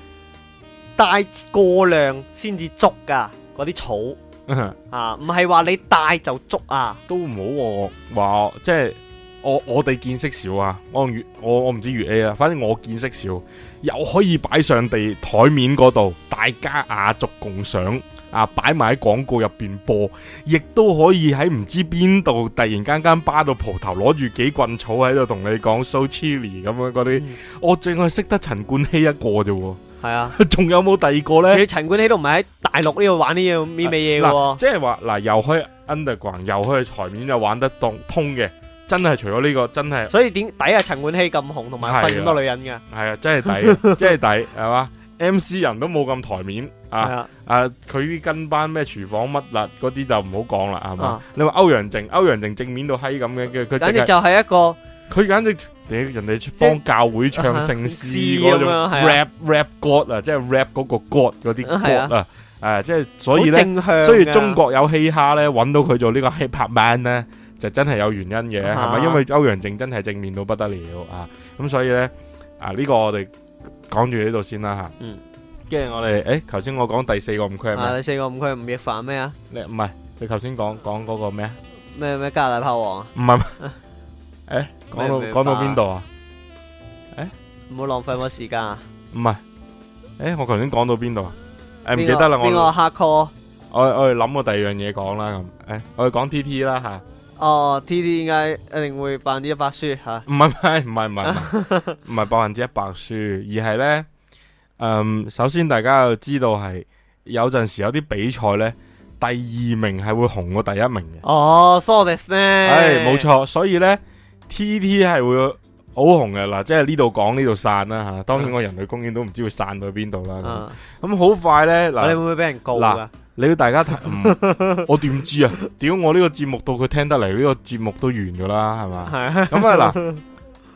帶過量先至足噶，嗰啲草 (laughs) 啊，唔係話你帶就足啊。都唔好話，即係、就是、我我哋見識少啊。我我唔知粵 A 啊，反正我見識少，又可以擺上地台面嗰度，大家雅俗共賞。啊！擺埋喺廣告入邊播，亦都可以喺唔知邊度突然間間巴到蒲頭，攞住幾棍草喺度同你講 so chilly 咁樣嗰啲。我淨係識得陳冠希一個啫喎。係啊，仲有冇第二個咧？佢陳冠希都唔係喺大陸呢度玩呢樣咩嘢喎。即係話嗱，又開 underground，又去台面，又玩得通通嘅。真係除咗呢、呢個，真係。所以點抵啊？陳冠希咁紅，同埋分咁多女人㗎。係啊，真係抵、啊，真係抵，係 (laughs) 嘛？MC 人都冇咁台面。啊，啊！啊，佢跟班咩廚房乜啦，嗰啲就唔好講啦，係、啊、嘛？你話歐陽靖，歐陽靖正面到閪咁嘅，佢簡直就係、是、一個，佢簡直，人哋幫教會唱聖詩嗰種、啊啊、rap rap god 啊，即、就、係、是、rap 嗰個 god 嗰啲 god 啊，誒、啊，即、就、係、是、所以咧，所以中國有嘻哈咧，搵到佢做個呢個 hip hop man 咧，就真係有原因嘅，係咪、啊？因為歐陽靖真係正面到不得了啊！咁所以咧，啊，呢啊、這個我哋講住呢度先啦吓。嗯跟住我哋，誒，頭先我講第四個誤區係咩？啊，第四個誤區係吳亦凡咩啊？你唔係，你頭先講講嗰個咩啊？咩咩加拿大炮王？唔係，誒，講到講到邊度啊？誒，唔好浪費我時間啊！唔係，誒，我頭先講到邊度啊？誒，唔記得啦，我邊個黑 call？我我哋諗個第二樣嘢講啦，咁，誒，我哋講 T T 啦吓。哦，T T 應該一定會百分之一百輸吓？唔係唔係唔係唔係唔係百分之一百輸，而係咧。誒、嗯，首先大家要知道係有陣時有啲比賽咧，第二名係會紅過第一名嘅。哦，sorry 咧，係冇錯，所以咧 T T 係會好紅嘅嗱，即係呢度講呢度散啦吓、啊，當然我人類公園都唔知會散到去邊度、啊、啦。咁好快咧嗱，你會唔會俾人告你要大家睇，嗯、 (laughs) 我點知啊？屌我呢個節目到佢聽得嚟呢、這個節目都完咗 (laughs) 啦，係嘛？咁啊嗱。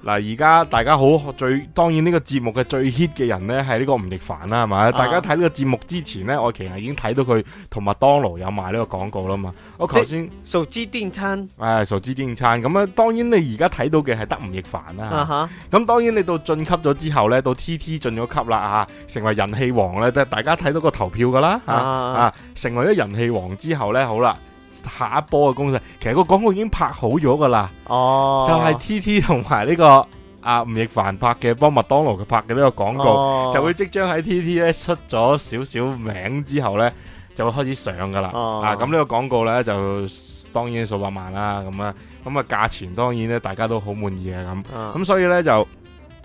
嗱，而家大家好，最當然呢個節目嘅最 hit 嘅人呢係呢個吳亦凡啦，係咪？Uh-huh. 大家睇呢個節目之前呢，我其實已經睇到佢同麥當勞有賣呢個廣告啦嘛。我頭先數支電餐，係數支電餐。咁啊，當然你而家睇到嘅係得吳亦凡啦。咁、uh-huh. 啊、當然你到晉級咗之後呢，到 T T 晉咗級啦啊，成為人氣王呢。大家睇到個投票㗎啦啊，uh-huh. 啊，成為咗人氣王之後呢。好啦。下一波嘅攻勢，其實個廣告已經拍好咗噶啦。哦、oh. 這個，就係 T T 同埋呢個阿吳亦凡拍嘅，幫麥當勞佢拍嘅呢個廣告，oh. 就會即將喺 T T 咧出咗少少名之後咧，就會開始上噶啦。Oh. 啊，咁呢個廣告咧就當然數百萬啦，咁啊，咁啊價錢當然咧大家都好滿意嘅。咁咁、oh. 所以咧就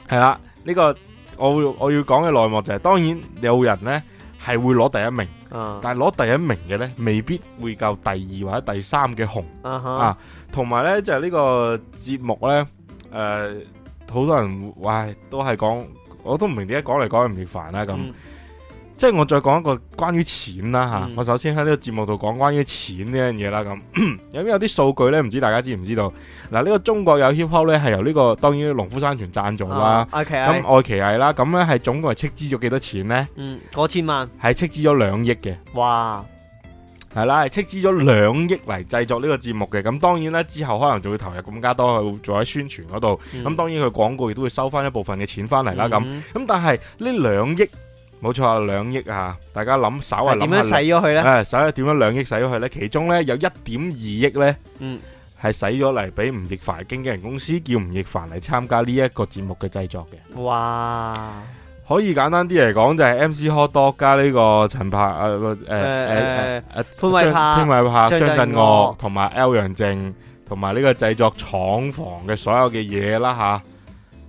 係啦，呢、這個我我要講嘅內幕就係、是，當然有人咧係會攞第一名。啊、但係攞第一名嘅呢，未必會夠第二或者第三嘅紅啊，啊，同埋呢，就係、是、呢個節目呢，誒、呃，好多人喂都係講，我都唔明點解講嚟講去唔厭煩啦咁。嗯即係我再講一個關於錢啦吓，啊嗯、我首先喺呢個節目度講關於錢呢樣嘢啦咁，有邊有啲數據咧？唔知大家知唔知道？嗱、啊、呢、這個中國有 Hip Hop 咧係由呢、這個當然農夫山泉贊助啦，咁、啊、愛、啊 okay. 奇藝啦，咁咧係總共係斥資咗幾多錢咧？嗯，千萬係斥資咗兩億嘅。哇，係啦，係斥資咗兩億嚟製作呢個節目嘅。咁當然啦，之後可能就會投入咁加多去做喺宣傳嗰度。咁、嗯、當然佢廣告亦都會收翻一部分嘅錢翻嚟啦。咁、嗯、咁但係呢兩億。冇錯啊，兩億啊，大家諗稍係諗下點樣使咗去咧？誒、嗯，點樣兩億使咗佢咧？其中咧有一點二億咧，嗯，係使咗嚟俾吳亦凡嘅經紀人公司，叫吳亦凡嚟參加呢一個節目嘅製作嘅。哇！可以簡單啲嚟講，就係、是、MC Hot Dog 加呢個陳柏誒誒誒潘瑋柏潘瑋柏張震岳同埋歐陽靖同埋呢個製作廠房嘅所有嘅嘢啦吓，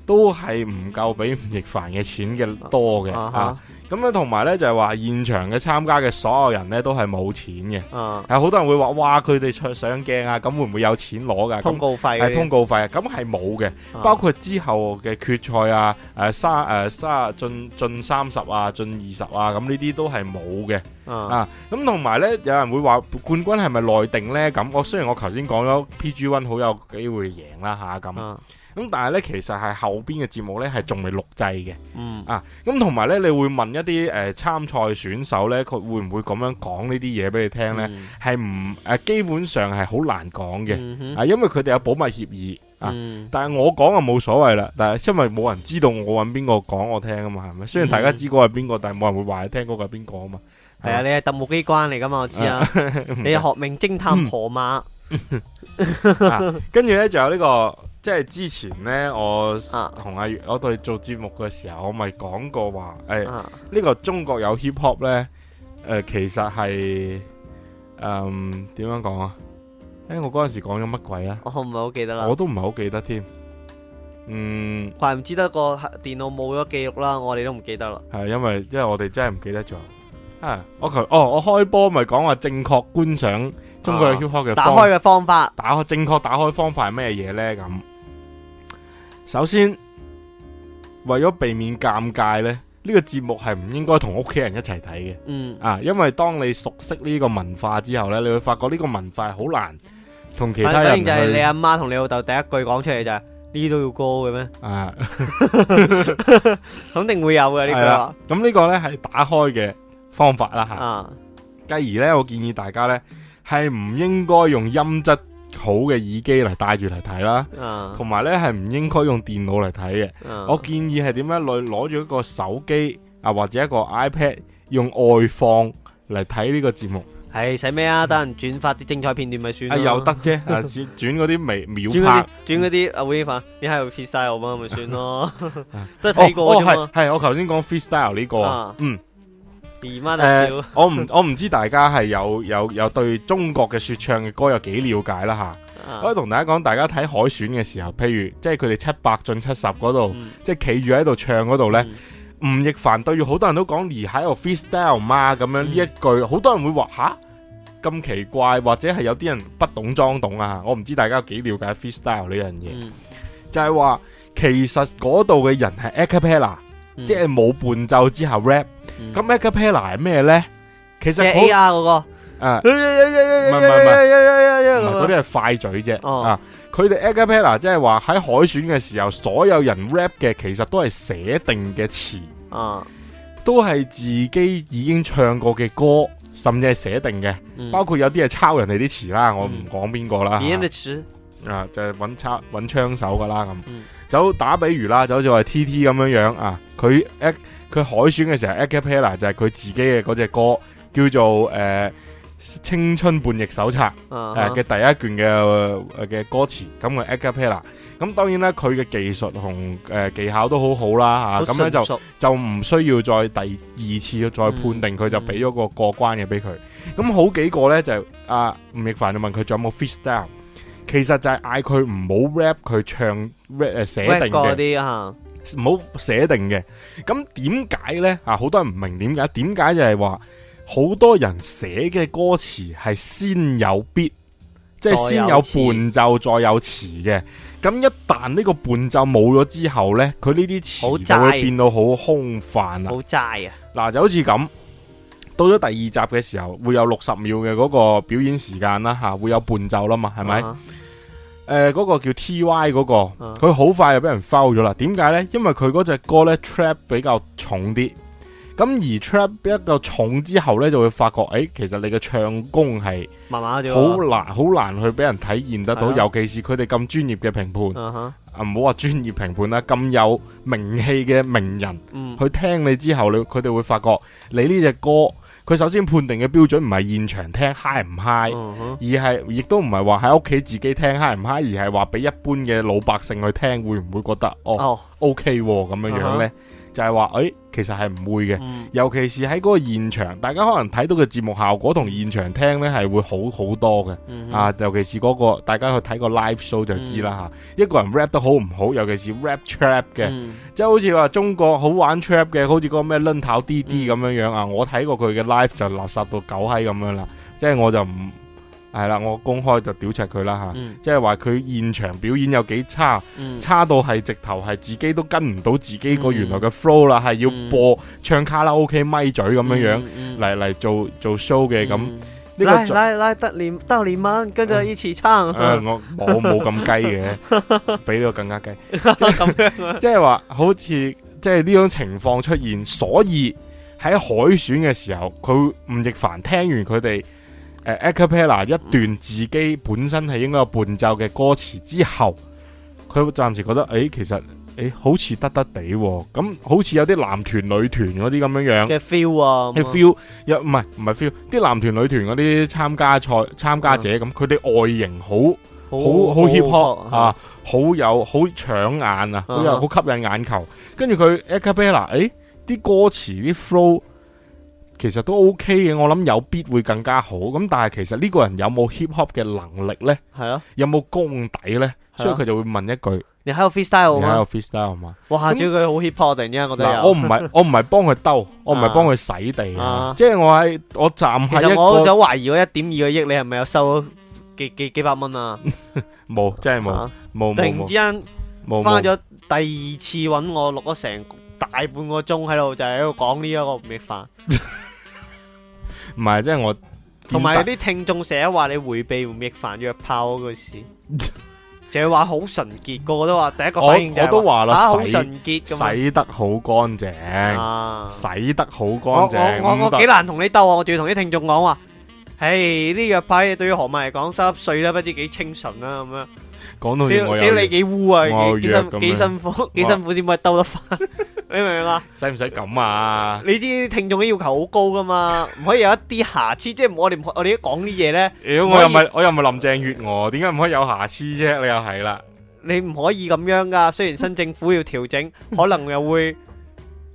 都係唔夠俾吳亦凡嘅錢嘅多嘅吓。啊啊啊啊咁咧，同埋咧就係話現場嘅參加嘅所有人咧都係冇錢嘅。啊，有好多人會話，哇，佢哋上上鏡啊，咁會唔會有錢攞噶？通告費係通告費啊，咁係冇嘅。包括之後嘅決賽啊，誒三誒三進進三十啊，進二十啊，咁呢啲都係冇嘅。啊，咁同埋咧，有人會話冠軍係咪內定咧？咁我雖然我頭先講咗 PG One 好有機會贏啦吓咁。啊咁但係咧，其實係後邊嘅節目咧係仲未錄製嘅。嗯啊，咁同埋咧，你會問一啲誒參賽選手咧，佢會唔會咁樣講呢啲嘢俾你聽咧？係唔誒，基本上係好難講嘅啊，因為佢哋有保密協議啊。但係我講啊冇所謂啦，但係因為冇人知道我揾邊個講我聽啊嘛，係咪？雖然大家知嗰個係邊個，但係冇人會話你聽嗰個係邊個啊嘛。係啊，你係特務機關嚟㗎嘛？我知啊，你係學名偵探河馬。跟住咧，仲有呢個。即係之前咧，我同阿月，我對做節目嘅時候，啊、我咪講過話誒，呢、欸啊這個中國有 hip hop 咧，誒、呃，其實係誒點樣講啊？誒、欸，我嗰陣時講咗乜鬼啊？我好唔係好記得啦，我都唔係好記得添。嗯，我唔知得個電腦冇咗記錄啦，我哋都唔記得啦。係因為因為我哋真係唔記得咗。我、啊、頭、OK, 哦，我開波咪講話正確觀賞中國有 hip hop 嘅、啊、打開嘅方法，打開正確打開方法係咩嘢咧？咁。首先，為咗避免尷尬呢，呢個節目係唔應該同屋企人一齊睇嘅。嗯，啊，因為當你熟悉呢個文化之後呢，你會發覺呢個文化好難同其他人。反正就係你阿媽同你老豆第一句講出嚟，就係呢度都要歌嘅咩？啊， (laughs) 肯定會有嘅呢個。咁呢個呢係打開嘅方法啦，吓。繼而呢，我建議大家呢，係唔應該用音質。好嘅耳機嚟帶住嚟睇啦，同埋咧係唔應該用電腦嚟睇嘅。我建議係點樣？攞攞住一個手機啊，或者一個 iPad 用外放嚟睇呢個節目。係使咩啊？得閒轉發啲精彩片段咪算。啊，有得啫！ (laughs) 啊，轉嗰啲微秒拍，轉嗰啲、嗯、啊，會粉你係 freestyle 啊，咪算咯， (laughs) 都睇過、哦哦啊、我頭先講 freestyle 呢、這個、啊、嗯。啊、我唔我唔知大家係有有有對中國嘅説唱嘅歌有幾了解啦、啊、嚇、啊。我可以同大家講，大家睇海選嘅時候，譬如即係佢哋七百進七十嗰度，即係企住喺度唱嗰度呢。吳亦凡對住好多人都講嚟喺度 freestyle 嘛，咁樣呢一句，好、嗯、多人會話吓，咁奇怪，或者係有啲人不懂裝懂啊。我唔知大家幾了解 freestyle 呢樣嘢、嗯，就係、是、話其實嗰度嘅人係 a cappella，、嗯、即係冇伴奏之下 rap。咁、嗯《acapella》係咩咧？其實我啊，嗰、那個啊，唔唔唔唔，嗰啲係快嘴啫。啊，佢、哎、哋《aca、哎、pella》即係話喺海選嘅時候，所有人 rap 嘅其實都係寫定嘅詞啊，都係自己已經唱過嘅歌，甚至係寫定嘅、嗯，包括有啲係抄人哋啲詞啦。我唔講邊個啦、嗯，啊，就係揾抄槍手噶啦咁。就打比如啦，就好似話 T T 咁樣樣啊，佢。佢海選嘅時候，A Cappella 就係佢自己嘅嗰隻歌，叫做《誒、呃、青春叛逆手冊》誒、uh-huh. 嘅、呃、第一卷嘅嘅、呃、歌詞咁嘅 A Cappella。咁當然啦，佢嘅技術同誒技巧都好好啦吓，咁、啊、樣、啊、就就唔需要再第二次再判定佢、嗯、就俾咗個過關嘅俾佢。咁、嗯、好幾個咧就阿、是、吳、呃、亦凡就問佢仲有冇 freestyle，其實就係嗌佢唔好 rap，佢唱 rap 誒寫定嘅啲吓。唔好寫定嘅，咁點解呢？啊，好多人唔明點解？點解就係話好多人寫嘅歌詞係先有 beat，即係先有伴奏，再有詞嘅。咁一旦呢個伴奏冇咗之後呢，佢呢啲詞就會變到好空泛啊！好齋啊！嗱，就好似咁，到咗第二集嘅時候，會有六十秒嘅嗰個表演時間啦，吓、啊、會有伴奏啦嘛，係咪？Uh-huh. 誒、呃、嗰、那個叫 T.Y. 嗰、那個，佢、uh-huh. 好快就俾人 fail 咗啦。點解呢？因為佢嗰隻歌呢 trap 比較重啲，咁而 trap 比較重之後呢，就會發覺誒、欸，其實你嘅唱功係好難好難去俾人體驗得到，uh-huh. 尤其是佢哋咁專業嘅評判、uh-huh. 啊，唔好話專業評判啦，咁有名氣嘅名人、uh-huh. 去聽你之後，佢哋會發覺你呢隻歌。佢首先判定嘅標準唔係現場聽嗨唔嗨，而係亦都唔係話喺屋企自己聽嗨唔嗨，而係話俾一般嘅老百姓去聽會唔會覺得、Oh. 哦 OK 喎、哦、咁樣樣呢？Uh-huh. 就係、是、話，誒、欸，其實係唔會嘅、嗯，尤其是喺嗰個現場，大家可能睇到嘅節目效果同現場聽咧係會好好多嘅、嗯，啊，尤其是嗰、那個，大家去睇個 live show 就知啦吓、嗯啊，一個人 rap 得好唔好，尤其是 rap trap 嘅、嗯，即係好似話中國好玩 trap 嘅，好似個咩掄頭 D D 咁樣樣啊，我睇過佢嘅 live 就垃圾到狗閪咁樣啦，即係我就唔。係啦，我公開就屌柒佢啦吓，即係話佢現場表演有幾差、嗯，差到係直頭係自己都跟唔到自己個原來嘅 flow 啦，係、嗯、要播唱卡拉 OK 咪嘴咁樣樣嚟嚟做做 show 嘅咁。拉嚟得年得年蚊，跟住一次差。我冇咁雞嘅，雞 (laughs) 比呢個更加雞。即係話，好似即係呢種情況出現，所以喺海選嘅時候，佢吳亦凡聽完佢哋。誒、uh，acapella、嗯、一段自己本身係應該有伴奏嘅歌詞之後，佢暫時覺得誒、欸，其實誒、欸、好似得得地、哦，咁、嗯、好似有啲男團女團嗰啲咁樣樣嘅 feel 啊，feel，又唔係唔係 feel，啲男團女團嗰啲參加賽參加者咁，佢、嗯、哋外形好好好 hip hop 啊，好，好，好、嗯嗯、有好搶眼啊，嗯、有好吸引眼球，跟住佢 acapella 誒、欸、啲歌詞啲 flow。其實都 OK 嘅，我諗有必會更加好。咁但係其實呢個人有冇 hiphop 嘅能力咧？係啊，有冇功底咧？所以佢就會問一句：你喺度 freestyle？你喺度 freestyle 嘛？哇，照佢好 hiphop 定啫？我都有。嗱，我唔係我唔係幫佢兜，我唔係幫佢洗地啊！即係我喺我站喺。其實我好想懷疑嗰一點二個億，你係咪有收幾幾幾百蚊啊？冇，真係冇，冇冇冇。突然之間，花咗第二次搵我錄咗成大半個鐘喺度，就係喺度講呢一個咩飯？唔係，即係我同埋啲聽眾成日話你回避吳亦凡約炮嗰事，成日話好純潔，個個都話第一個反應、就是、我，我都話啦，好純潔，洗得好乾淨，洗得好乾淨。我我幾難同你鬥啊！我仲要同啲聽眾講話，唉，呢約炮對於何馬嚟講，濕碎啦，不知幾清純啦，咁樣。講到我，少你幾污啊，幾幾辛幾辛苦，幾辛苦先可以兜得翻，你明唔明啊？使唔使咁啊？你知聽眾嘅要求好高噶嘛？唔可以有一啲瑕疵，即係我哋我哋都講啲嘢咧，我又唔係我又唔係林鄭月娥，點解唔可以有瑕疵啫？你又係啦，你唔可以咁樣噶。雖然新政府要調整，可能又會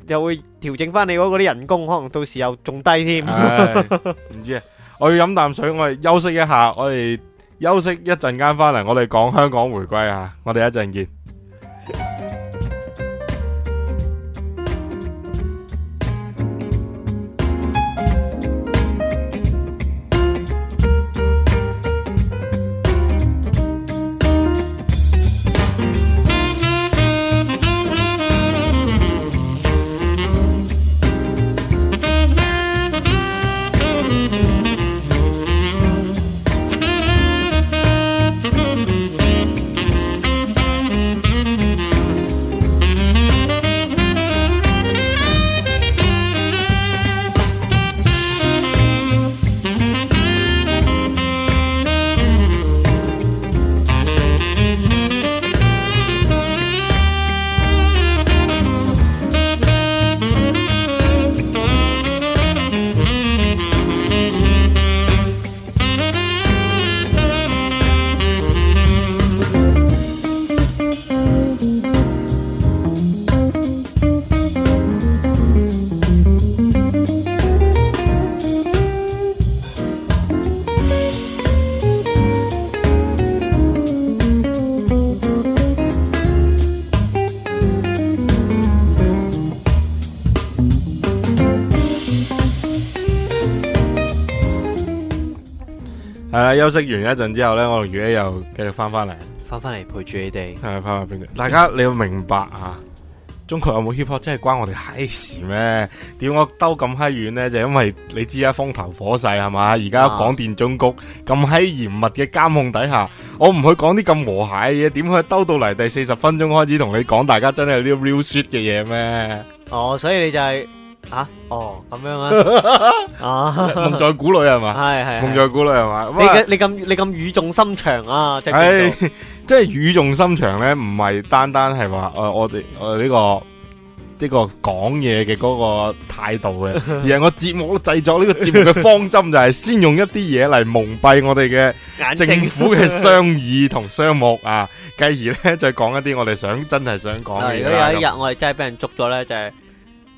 又會調整翻你嗰嗰啲人工，可能到時候仲低添。唔知啊，我要飲啖水，我要休息一下，我哋。休息一陣間，返嚟我哋講香港回歸啊！我哋一陣見。休息完一陣之後咧，我而家又繼續翻翻嚟，翻翻嚟陪住你哋。係翻翻邊度？大家你要明白啊！中國有冇 hiphop 真係關我哋閪事咩？點解我兜咁閪遠咧？就因為你知啊，風頭火勢係嘛？而家廣電總局咁閪嚴密嘅監控底下，我唔去講啲咁和諧嘅嘢，點去兜到嚟第四十分鐘開始同你講？大家真係啲 real shit 嘅嘢咩？哦，所以你就係。啊，哦，咁樣 (laughs) 啊，啊，蒙在鼓裏係嘛，係係，蒙在鼓裏係嘛，你是是你咁你咁語重心長啊，即、哎、係，即係語重心長咧，唔係單單係、呃呃這個這個、話誒我哋呢個呢個講嘢嘅嗰個態度嘅，而係我節目製作呢個節目嘅方針就係先用一啲嘢嚟蒙蔽我哋嘅政府嘅雙耳同雙目啊，繼而咧再講一啲我哋想真係想講嘅。如、哎、果有一日我哋真係俾人捉咗咧，就係、是。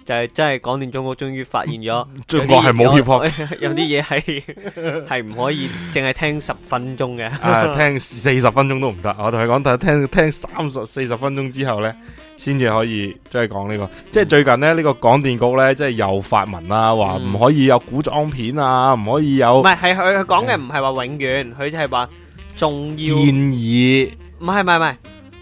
就係真係廣電總局終於發現咗，中國係冇脅迫，有啲嘢係係唔可以淨係聽十分鐘嘅，聽四十分鐘都唔得。我同你講，但係聽聽三十四十分鐘之後咧，先至可以真係講呢個。即係最近咧，呢個廣電局咧，即係又發文啊，話唔可以有古裝片啊，唔可以有。唔係，係佢佢講嘅唔係話永遠，佢就係話仲要建議，唔係唔係唔係，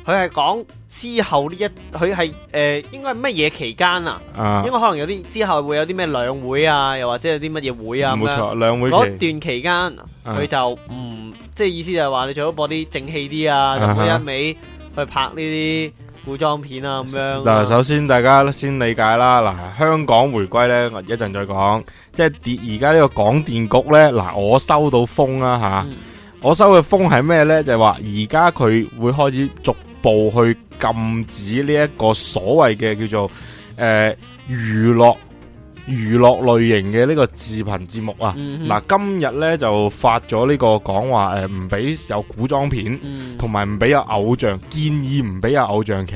佢係講。之後呢一佢係誒，應該係乜嘢期間啊？啊，因為可能有啲之後會有啲咩兩會啊，又或者有啲乜嘢會啊？冇錯，兩會嗰段期間佢、啊、就唔、嗯、即係意思就係話你最好播啲正氣啲啊，啊佢一味去拍呢啲古裝片啊咁、啊、樣、啊。嗱，首先大家先理解啦。嗱，香港回歸咧，我一陣再講。即係而家呢個廣電局咧，嗱，我收到風啦、啊、吓、啊嗯，我收嘅風係咩咧？就係話而家佢會開始逐。部去禁止呢一個所謂嘅叫做誒娛樂娛樂類型嘅呢個視頻節目啊，嗱、嗯、今日呢就發咗呢個講話，誒唔俾有古裝片，同埋唔俾有偶像，建議唔俾有偶像劇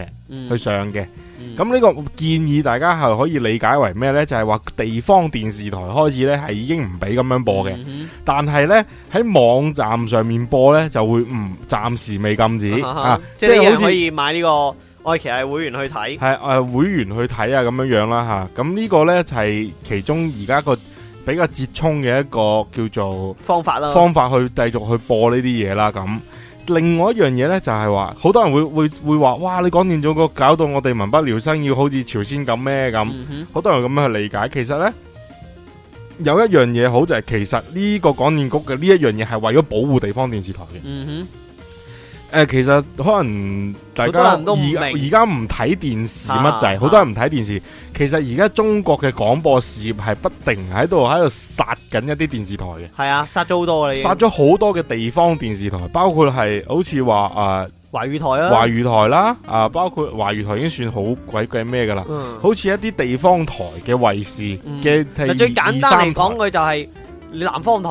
去上嘅。嗯嗯咁呢個建議大家係可以理解為咩呢？就係、是、話地方電視台開始呢係已經唔俾咁樣播嘅、嗯，但係呢喺網站上面播呢就會唔暫時未禁止、嗯、哼哼啊，即係可以買呢個愛奇藝會員去睇，係誒會員去睇啊咁樣樣啦吓。咁呢個呢就係、是、其中而家個比較折衷嘅一個叫做方法啦，方法去繼續去播呢啲嘢啦咁。另外一樣嘢呢，就係話好多人會會會話，哇！你廣電總局搞到我哋民不聊生，要好似朝鮮咁咩咁，好、嗯、多人咁樣去理解。其實呢，有一樣嘢好就係、是，其實呢個廣電局嘅呢一樣嘢係為咗保護地方電視台嘅。嗯哼。誒，其實可能大家而而家唔睇電視乜滯，好多人唔睇電視。其實而家中國嘅廣播事業係不停喺度喺度殺緊一啲電視台嘅。係啊，殺咗好多嘅。殺咗好多嘅地方電視台，包括係好似話誒華語台啊，華語台啦、啊，啊包括華語台已經算好鬼鬼咩噶啦，好似一啲地方台嘅衛視嘅。嗯、的最簡單嚟講，佢就係南方台。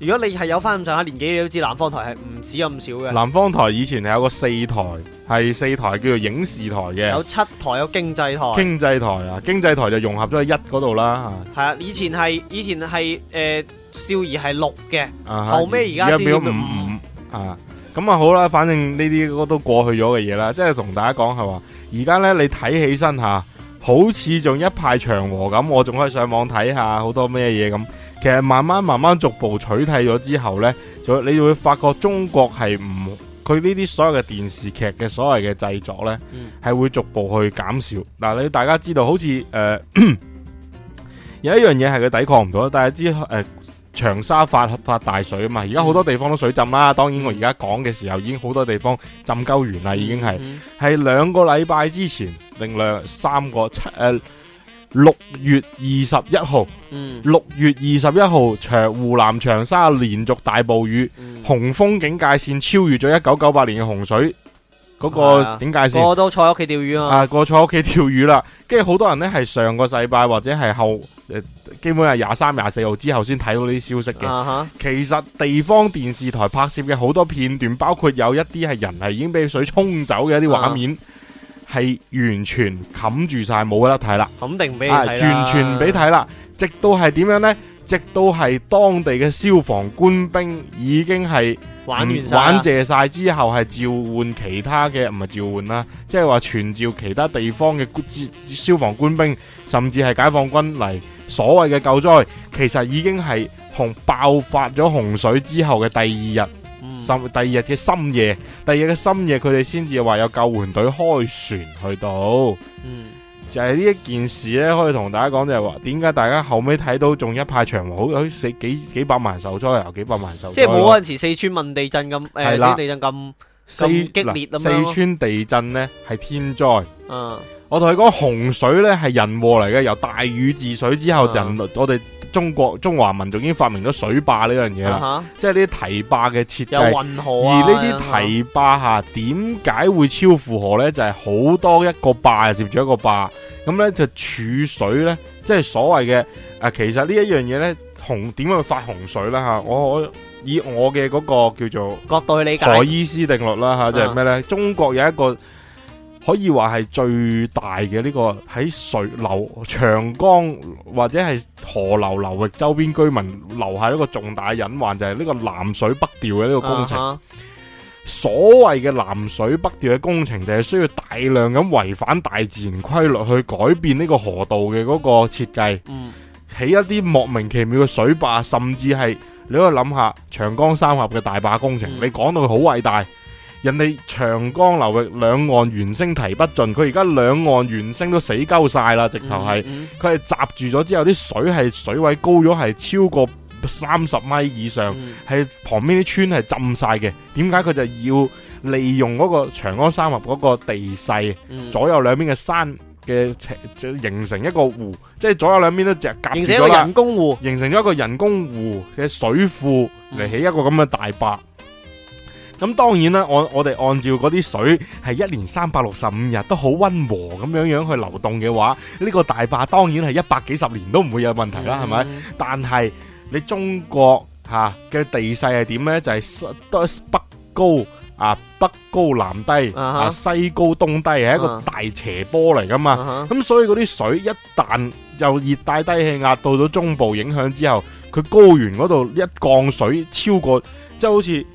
如果你係有翻咁上下年紀，你都知南方台係唔止咁少嘅。南方台以前係有個四台，係四台叫做影視台嘅。有七台，有經濟台。經濟台啊，經濟台就融合咗一嗰度啦。係啊，以前係以前係誒、呃，少兒係六嘅、啊。後尾而家一五五啊，咁啊好啦，反正呢啲都過去咗嘅嘢啦。即係同大家講係話，而家咧你睇起身嚇，好似仲一派祥和咁，我仲可以上網睇下好多咩嘢咁。其實慢慢慢慢逐步取締咗之後呢，你就你會發覺中國係唔佢呢啲所有嘅電視劇嘅所謂嘅製作呢，係、嗯、會逐步去減少。嗱，你大家知道好似誒、呃、有一樣嘢係佢抵抗唔到，大家知誒，長沙發發大水啊嘛！而家好多地方都水浸啦。當然我而家講嘅時候已經好多地方浸鳩完啦，已經係係兩個禮拜之前另兩三個七誒。呃六月二十一號，六、嗯、月二十一號長湖南長沙連續大暴雨，洪峰警戒線超越咗一九九八年嘅洪水嗰、那個警戒、啊、線。我都坐喺屋企釣魚啊！啊，個，個坐喺屋企釣魚啦，跟住好多人呢係上個禮拜或者係後，基本係廿三廿四號之後先睇到呢啲消息嘅、啊。其實地方電視台拍攝嘅好多片段，包括有一啲係人係已經俾水沖走嘅一啲畫面。啊。係完全冚住曬，冇得睇啦！肯定俾完、啊、全俾睇啦，直到係點樣呢？直到係當地嘅消防官兵已經係玩完晒、玩謝晒之後，係召喚其他嘅唔係召喚啦，即係話傳召其他地方嘅消防官兵，甚至係解放軍嚟所謂嘅救災，其實已經係洪爆發咗洪水之後嘅第二日。深、嗯、第二日嘅深夜，第二日嘅深夜，佢哋先至話有救援隊開船去到，嗯，就係、是、呢一件事咧，可以同大家講就係話，點解大家後尾睇到仲一派長虹，好有似幾幾百萬受災，又幾百萬受災，即係冇嗰陣時四川汶川地震咁，誒、呃，四川地震咁咁激烈咁樣。四川地震咧係天災，嗯。我同你講洪水呢係人禍嚟嘅，由大禹治水之後，人類，啊，我哋中國中華民族已經發明咗水壩呢樣嘢啦，即係呢啲堤壩嘅設計。而呢啲堤壩吓，點解會超負荷呢？就係、是，好多一個壩接住一個壩，咁呢，就儲水呢。即係所謂嘅誒，其實呢一樣嘢呢，洪點解會發洪水呢？吓，我以我嘅嗰個叫做角度去理解，海伊斯定律啦吓，就係咩呢？中國有一個。可以話係最大嘅呢個喺水流長江或者係河流流域周邊居民留下一個重大隱患，就係呢個南水北調嘅呢個工程。所謂嘅南水北調嘅工程就係需要大量咁違反大自然規律去改變呢個河道嘅嗰個設計，起一啲莫名其妙嘅水壩，甚至係你可以諗下長江三峽嘅大壩工程，你講到佢好偉大。人哋長江流域兩岸猿聲啼不盡，佢而家兩岸猿聲都死鳩晒啦！直頭係佢係閘住咗之後，啲水係水位高咗，係超過三十米以上，係、嗯、旁邊啲村係浸晒嘅。點解佢就要利用嗰個長江三峽嗰個地勢、嗯，左右兩邊嘅山嘅形成一個湖，即、就、係、是、左右兩邊都隻閘住咗成一個人工湖，形成咗一個人工湖嘅水庫嚟起一個咁嘅大壩。咁當然啦，我我哋按照嗰啲水係一年三百六十五日都好溫和咁樣樣去流動嘅話，呢、呢個大壩當然係一百幾十年都唔會有問題啦，係、嗯、咪？但係你中國嚇嘅、啊、地勢係點呢？就係、係、北高啊，北高南低、uh-huh. 啊，西高東低係一個大斜坡嚟噶嘛。咁、uh-huh. 所以嗰啲水一旦就熱帶低氣壓到到中部影響之後，佢高原嗰度一降水超過，即係好似。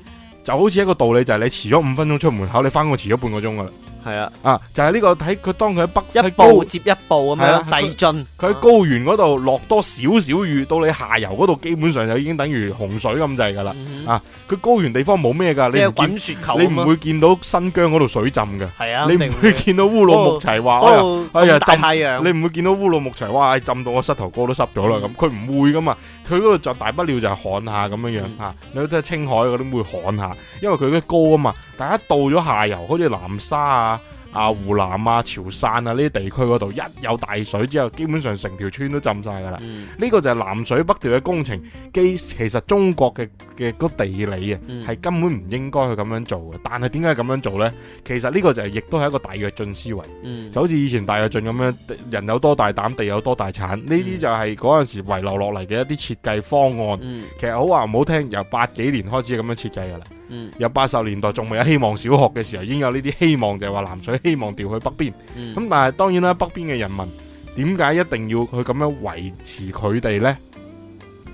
就好似一個道理，就係、是、你遲咗五分鐘出門口，你翻工，遲咗半個鐘噶啦。係啊，啊就係、是、呢、這個睇佢當佢喺北一步接一步咁樣遞進。佢喺、啊啊、高原嗰度落多少少雨，到你下游嗰度基本上就已經等於洪水咁滯噶啦。啊，佢高原地方冇咩噶，你滾雪球，你唔會見到新疆嗰度水浸嘅。係啊，你唔會見到烏魯木齊話，哎呀，浸你唔會見到烏魯木齊話浸到我膝頭哥都濕咗啦。咁佢唔會噶嘛。佢嗰度就大不了就係旱下咁樣樣吓、嗯，你睇青海嗰啲會旱下，因為佢啲高啊嘛，但係一到咗下游，好似南沙啊。啊，湖南啊、潮汕啊呢啲地區嗰度，一有大水之後，基本上成條村都浸晒噶啦。呢、嗯呢個就係南水北調嘅工程。基其實中國嘅嘅地理啊，係、嗯、根本唔應該去咁樣做嘅。但係點解咁樣做咧？其實呢個就係亦都係一個大躍進思維、嗯，就好似以前大躍進咁樣，人有多大膽，地有多大產。呢啲就係嗰陣時遺留落嚟嘅一啲設計方案、嗯。其實好話唔好聽，由八幾年開始咁樣設計噶啦。由八十年代仲未有希望小學嘅時候，已經有呢啲希望就係、是、話南水。希望調去北邊，咁但係當然啦，北邊嘅人民點解一定要去咁樣維持佢哋呢？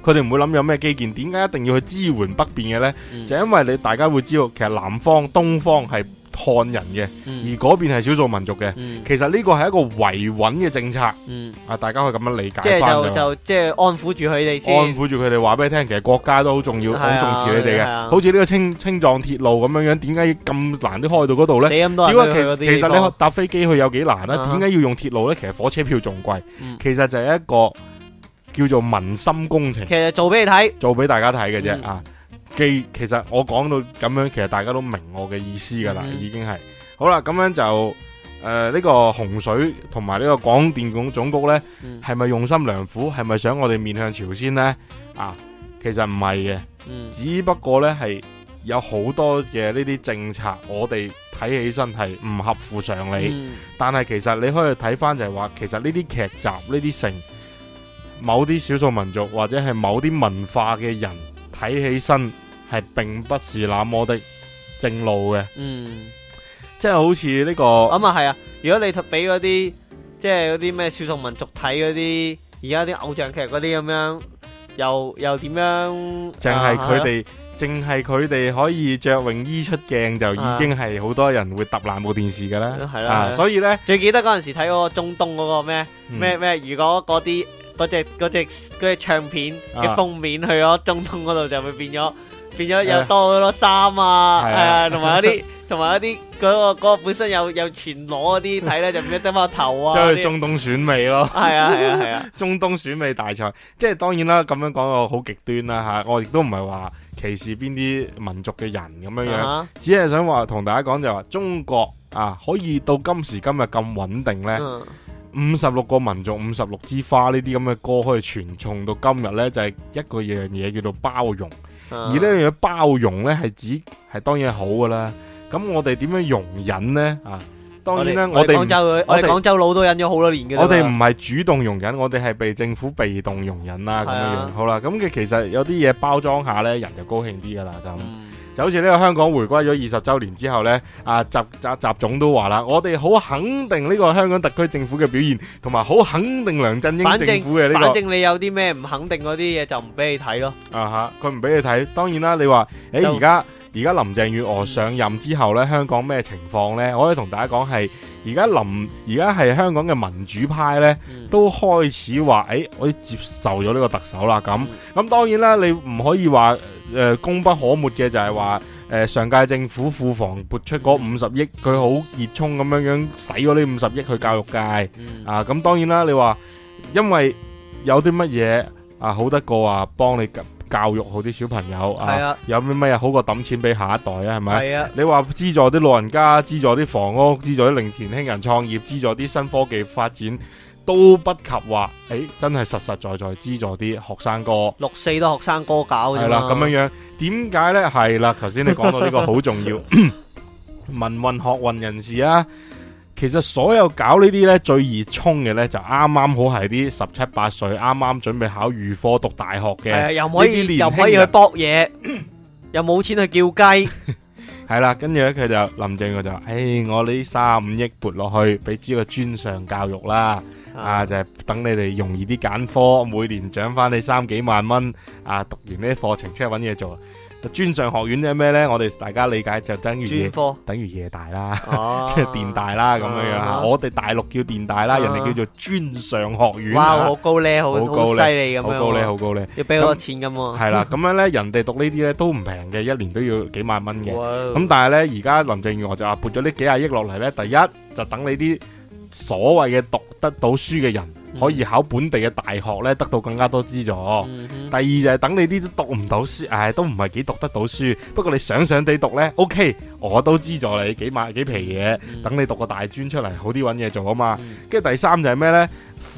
佢哋唔會諗有咩基建，點解一定要去支援北邊嘅呢？嗯、就因為你大家會知道，其實南方、東方係。漢人嘅，而嗰邊係少數民族嘅、嗯。其實呢個係一個維穩嘅政策。啊、嗯，大家可以咁樣理解一下即係就就即係安撫住佢哋先。安撫住佢哋，話俾你聽，其實國家都好重要，好、啊、重視你哋嘅、啊啊。好似呢個青青藏鐵路咁樣樣，點解要咁難都開到嗰度呢？因為其，其實你搭飛機去有幾難咧、啊？點、啊、解要用鐵路呢？其實火車票仲貴、嗯。其實就係一個叫做民心工程。其實做俾你睇，做俾大家睇嘅啫啊。其實我講到咁樣，其實大家都明我嘅意思噶啦、嗯，已經係好啦。咁樣就誒呢、呃這個洪水同埋呢個廣電總總局呢，係、嗯、咪用心良苦，係咪想我哋面向朝鮮呢？啊，其實唔係嘅，只不過呢係有好多嘅呢啲政策，我哋睇起身係唔合乎常理。嗯、但係其實你可以睇翻就係話，其實呢啲劇集呢啲城，某啲少數民族或者係某啲文化嘅人睇起身。係，並不是那麼的正路嘅、嗯，嗯，即係好似呢個咁啊，係啊。如果你俾嗰啲，即係嗰啲咩少數民族睇嗰啲，而家啲偶像劇嗰啲咁樣，又又點樣？淨係佢哋，淨係佢哋可以着泳衣出鏡，就已經係好多人會揼爛部電視噶啦。係、啊、啦、啊啊啊啊啊，所以呢，最記得嗰陣時睇嗰個中東嗰個咩咩咩？如果嗰啲嗰隻隻隻唱片嘅封面、啊、去咗中東嗰度，就會變咗。變咗又多好多衫啊，係啊，同埋嗰啲，同埋嗰啲嗰個、嗰個本身有有全裸嗰啲睇咧， (laughs) 就變咗得翻個頭啊！即、就、係、是、中東選美咯 (laughs) 是、啊，係啊係啊係啊，中東選美大賽，即係當然啦，咁樣講到好極端啦吓，我亦都唔係話歧視邊啲民族嘅人咁樣樣，uh-huh. 只係想話同大家講就話中國啊，可以到今時今日咁穩定咧，五十六個民族，五十六支花呢啲咁嘅歌可以傳頌到今日咧，就係、是、一個樣嘢叫做包容。啊、而呢樣嘢，包容呢，係指係當然好噶啦。咁我哋點樣容忍呢？啊，當然啦，我哋廣州，我哋廣州佬都忍咗好多年嘅。我哋唔係主動容忍，我哋係被政府被動容忍啦、啊。咁、啊、樣，好啦，咁嘅其實有啲嘢包裝下呢，人就高興啲噶啦。咁、嗯。就好似呢個香港回歸咗二十周年之後呢，啊，習習習總都話啦，我哋好肯定呢個香港特區政府嘅表現，同埋好肯定梁振英政府嘅呢個。反正你有啲咩唔肯定嗰啲嘢，就唔俾你睇咯。啊哈，佢唔俾你睇，當然啦，你話，誒、欸，而家。現在而家林鄭月娥上任之後咧，香港咩情況呢？我可以同大家講係，而家林而家係香港嘅民主派呢，都開始話：誒、欸、我接受咗呢個特首啦。咁咁當然啦，你唔可以話、呃、功不可沒嘅，就係話上屆政府庫房撥出嗰五十億，佢好熱衷咁樣樣使咗呢五十億去教育界啊。咁當然啦，你話因為有啲乜嘢啊，好得過話、啊、幫你。教育好啲小朋友啊，啊，有咩咩好過抌錢俾下一代啊，係咪？你話資助啲老人家，資助啲房屋，資助啲令年輕人創業，資助啲新科技發展，都不及話誒、欸，真係實實在在資助啲學生哥，六四都學生哥搞係啦、啊，咁樣樣，點解呢？係 (laughs) 啦、啊，頭先你講到呢個好重要， (laughs) (coughs) 民運學運人士啊。其實所有搞呢啲咧最易衝嘅呢，就啱啱好係啲十七八歲啱啱準備考預科讀大學嘅，又啲年又唔可以去搏嘢， (coughs) 又冇錢去叫雞。係 (laughs) 啦，跟住呢，佢就林鄭佢就話，誒，我呢三五億撥落去俾啲個專上教育啦、啊，啊，就係、是、等你哋容易啲揀科，每年獎翻你三幾萬蚊，啊，讀完呢啲課程出去揾嘢做。專上學院即係咩咧？我哋大家理解就等於專科，等於夜大啦，即、啊、係電大啦咁樣樣、嗯。我哋大陸叫電大啦，啊、人哋叫做專上學院。哇，好高呢，好犀利咁好高呢，好高呢，要俾好多錢咁。係啦，咁樣咧，人哋讀呢啲咧都唔平嘅，一年都要幾萬蚊嘅。咁、哎、但係咧，而家林鄭月娥就話撥咗呢幾廿億落嚟咧，第一就等你啲所謂嘅讀得到書嘅人。可以考本地嘅大學呢，得到更加多資助。Mm-hmm. 第二就係、是、等你啲讀唔到書，哎、都唔係幾讀得到書。不過你想想地讀呢，OK，我都資助你幾萬幾皮嘢。Mm-hmm. 等你讀個大專出嚟，好啲揾嘢做啊嘛。跟、mm-hmm. 住第三就係咩呢？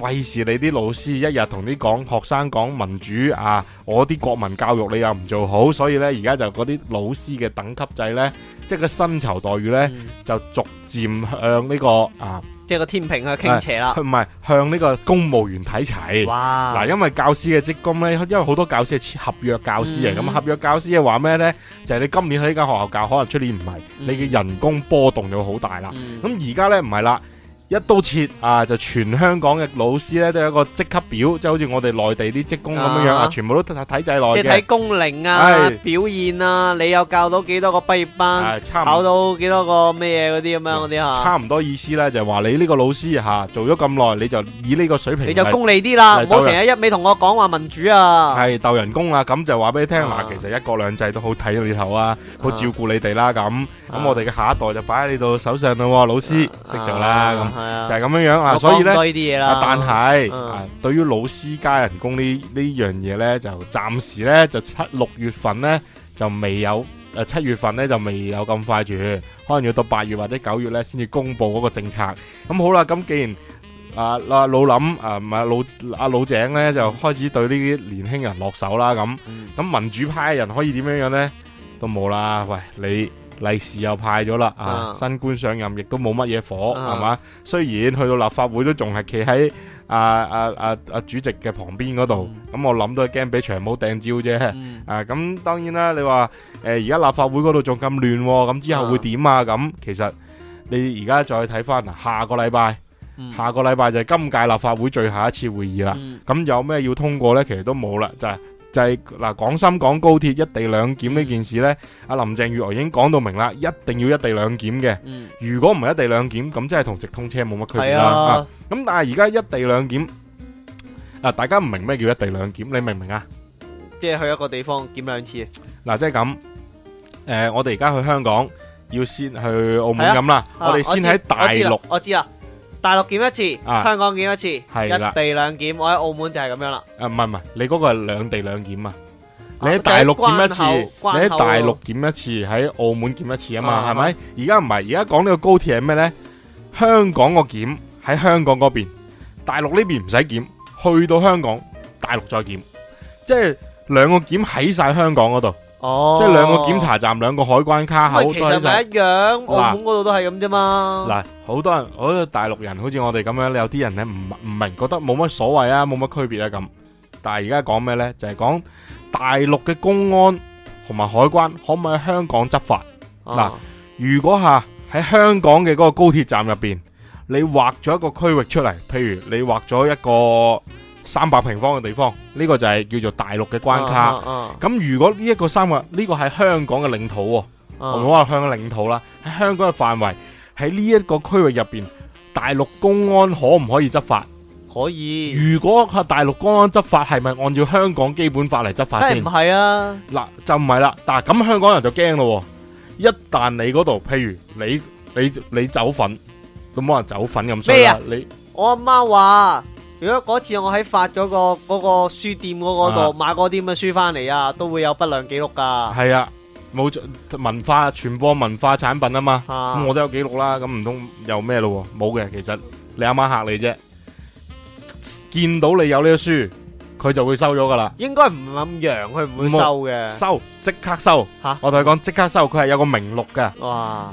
費事你啲老師一日同啲講學生講民主啊，我啲國民教育你又唔做好，所以呢，而家就嗰啲老師嘅等級制呢，即係個薪酬待遇呢，mm-hmm. 就逐漸向呢個啊。即、這、係個天平啊傾斜啦，佢唔係向呢個公務員睇齊，嗱，因為教師嘅職工咧，因為好多教師係合約教師嚟，咁、嗯、合約教師嘅話咩咧，就係、是、你今年去呢間學校教，可能出年唔係、嗯，你嘅人工波動就會好大啦，咁而家咧唔係啦。一刀切啊！就全香港嘅老師咧，都有一個職級表，即係好似我哋內地啲職工咁樣樣啊，uh-huh. 全部都睇制內即係睇工齡啊，表現啊，你又教到幾多個畢業班？係、uh, 差唔多考到幾多個咩嘢嗰啲咁樣嗰啲啊？Uh, uh. 差唔多意思呢，就係、是、話你呢個老師吓、啊、做咗咁耐，你就以呢個水平。你就功利啲啦，唔好成日一味同我講話民主啊。係鬥人工啊，咁就話俾你聽嗱，uh-huh. 其實一國兩制都好睇落你頭啊，好照顧你哋啦咁。Uh-huh. 咁我哋嘅下一代就擺喺你度手上咯，老師識做啦，咁就係咁樣樣啊。所以咧，但係，啊，對於老師加人工呢呢樣嘢咧，就暫時咧就七六月份咧就未有，誒七月份咧就未有咁快住，可能要到八月或者九月咧先至公布嗰個政策。咁好啦，咁既然阿阿老林啊唔係老阿老井咧就開始對呢啲年輕人落手啦，咁咁民主派嘅人可以點樣樣咧都冇啦。喂，你。利是又派咗啦，啊，啊，新官上任亦都冇乜嘢火，係、啊、嘛？雖然去到立法會都仲係企喺啊啊啊啊主席嘅旁邊嗰度，咁我諗都係驚俾長毛掟蕉啫，啊，咁、啊啊嗯嗯啊、當然啦，你話誒而家立法會嗰度仲咁亂，咁之後會點啊？咁、啊、其實你而家再睇翻啊，下個禮拜，下個禮拜就係今屆立法會最後一次會議啦，咁、嗯、有咩要通過呢？其實都冇啦，就係、是。就係嗱，廣深港高鐵一地兩檢呢件事咧，阿林鄭月娥已經講到明啦，一定要一地兩檢嘅。如果唔係一地兩檢，咁即係同直通車冇乜區別啦。咁但係而家一地兩檢，啊，大家唔明咩叫一地兩檢，你明唔明啊？即係去一個地方檢兩次。嗱，即係咁，誒，我哋而家去香港，要先去澳門咁啦，我哋先喺大陸，我知啊。大陸檢一次，香港檢一次，係啦，一地兩檢。我喺澳門就係咁樣啦。啊，唔係唔係，你嗰個係兩地兩檢啊！你喺大陸檢一次，你喺大陸檢一次，喺澳門檢一次啊嘛，係咪？而家唔係，而家講呢個高鐵係咩呢？香港個檢喺香港嗰邊，大陸呢邊唔使檢，去到香港，大陸再檢，即係兩個檢喺晒香港嗰度。哦，即係兩個檢查站，兩個海關卡口其實係一樣。嗱，澳門嗰度都係咁啫嘛。嗱、啊，好多人，好多大陸人，好似我哋咁樣，有啲人咧唔唔明，覺得冇乜所謂啊，冇乜區別啊咁。但係而家講咩呢？就係、是、講大陸嘅公安同埋海關可唔可以喺香港執法？嗱、啊啊，如果吓喺香港嘅嗰個高鐵站入邊，你劃咗一個區域出嚟，譬如你劃咗一個。三百平方嘅地方，呢、這個就係叫做大陸嘅關卡。咁、啊啊啊、如果呢一個三個，呢、這個係香港嘅領土，啊、我話，香港領土啦，喺香港嘅範圍，喺呢一個區域入邊，大陸公安可唔可以執法？可以。如果係大陸公安執法，係咪按照香港基本法嚟執法先？唔係啊。嗱，就唔係啦。但係咁香港人就驚咯。一旦你嗰度，譬如你你你，你走粉，都冇人走粉咁，所以你我阿媽話。如果嗰次我喺發咗個個書店嗰個度買嗰啲咁嘅書翻嚟啊，都會有不良記錄噶。係啊，冇文化傳播文化產品啊嘛，咁、啊、我都有記錄啦。咁唔通有咩咯？冇嘅，其實你阿媽嚇你啫，見到你有呢啲書。佢就會收咗噶啦，應該唔諗樣，佢唔會收嘅，收即刻收吓，我同你講即刻收，佢、啊、係有個名錄噶，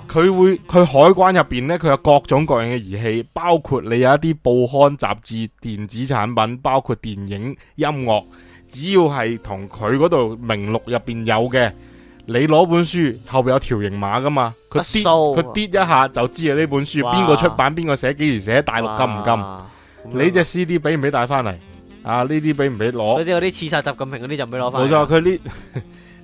佢會佢海關入邊呢，佢有各種各樣嘅儀器，包括你有一啲報刊雜誌、電子產品，包括電影、音樂，只要係同佢嗰度名錄入邊有嘅，你攞本書後邊有條形碼噶嘛，佢 d 佢 d 一下就知啊，呢本書邊個出版邊個寫，幾時寫，寫寫寫大陸禁唔禁？甘甘這你隻 C D 俾唔俾帶翻嚟？啊！呢啲俾唔俾攞？嗰啲有啲刺殺習近平嗰啲就唔俾攞翻。冇錯，佢呢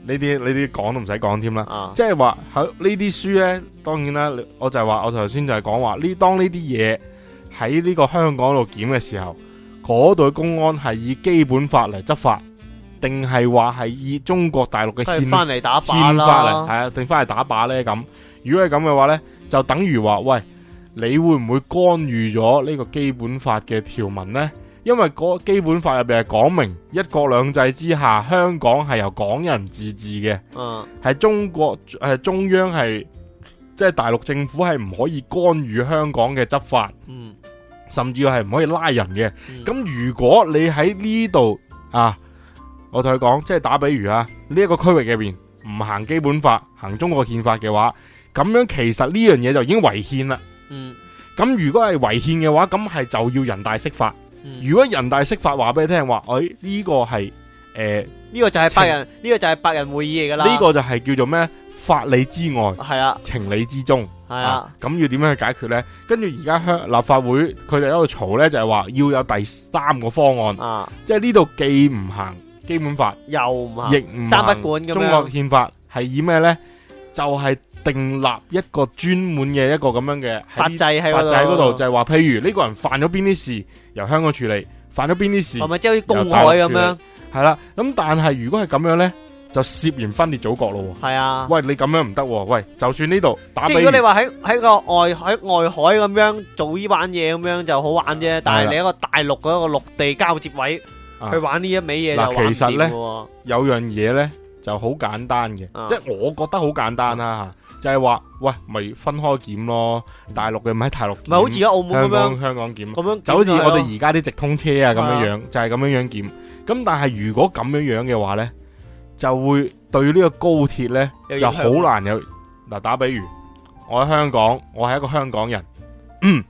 呢啲呢啲講都唔使講添啦。即係話喺呢啲書呢，當然啦，我就係話我頭先就係講話呢。當呢啲嘢喺呢個香港度檢嘅時候，嗰隊公安係以基本法嚟執法，定係話係以中國大陸嘅憲打靶憲法嚟，係啊，定翻嚟打靶呢？咁？如果係咁嘅話呢，就等於話喂，你會唔會干預咗呢個基本法嘅條文呢？」因為嗰基本法入邊係講明一國兩制之下，香港係由港人自治嘅，係、嗯、中國係中央係，即係大陸政府係唔可以干預香港嘅執法、嗯，甚至係唔可以拉人嘅。咁、嗯、如果你喺呢度啊，我同佢講，即係打比如啊，呢一個區域入邊唔行基本法，行中國憲法嘅話，咁樣其實呢樣嘢就已經違憲啦。咁、嗯、如果係違憲嘅話，咁係就要人大釋法。如果人大釋法話俾你聽話，誒呢、哎這個係誒呢個就係白人呢、這個就係白人會議嚟㗎喇，呢個就係叫做咩？法理之外係啊，情理之中係啊，咁要點樣去解決咧？跟住而家香立法會佢哋喺度嘈咧，就係話要有第三個方案啊就是這裡！即係呢度既唔行基本法，又唔行三不管咁中國憲法係以咩咧？就係、是。定立一個專門嘅一個咁樣嘅法制喺嗰度，就係話，譬如呢個人犯咗邊啲事，由香港處理；犯咗邊啲事，係咪即係好似公海咁樣。係啦，咁、嗯、但係如果係咁樣咧，就涉嫌分裂祖國咯。係啊，喂，你咁樣唔得喎。喂，就算呢度打俾，即係如果你話喺喺個外外海咁樣做呢班嘢咁樣就好玩啫。但係你一個大陸嗰一個陸地交接位去玩呢一味嘢、啊啊啊，其實咧有樣嘢咧就好簡單嘅，即、啊、係我覺得好簡單啦、啊。就係、是、話，喂，咪分開檢咯，大陸嘅咪喺大陸，咪好似喺澳門咁樣，香港檢，檢就好似我哋而家啲直通車啊咁樣樣，就係咁樣樣檢。咁但係如果咁樣樣嘅話呢，就會對呢個高鐵呢就好難有嗱。打比喻，我喺香港，我係一個香港人， (laughs)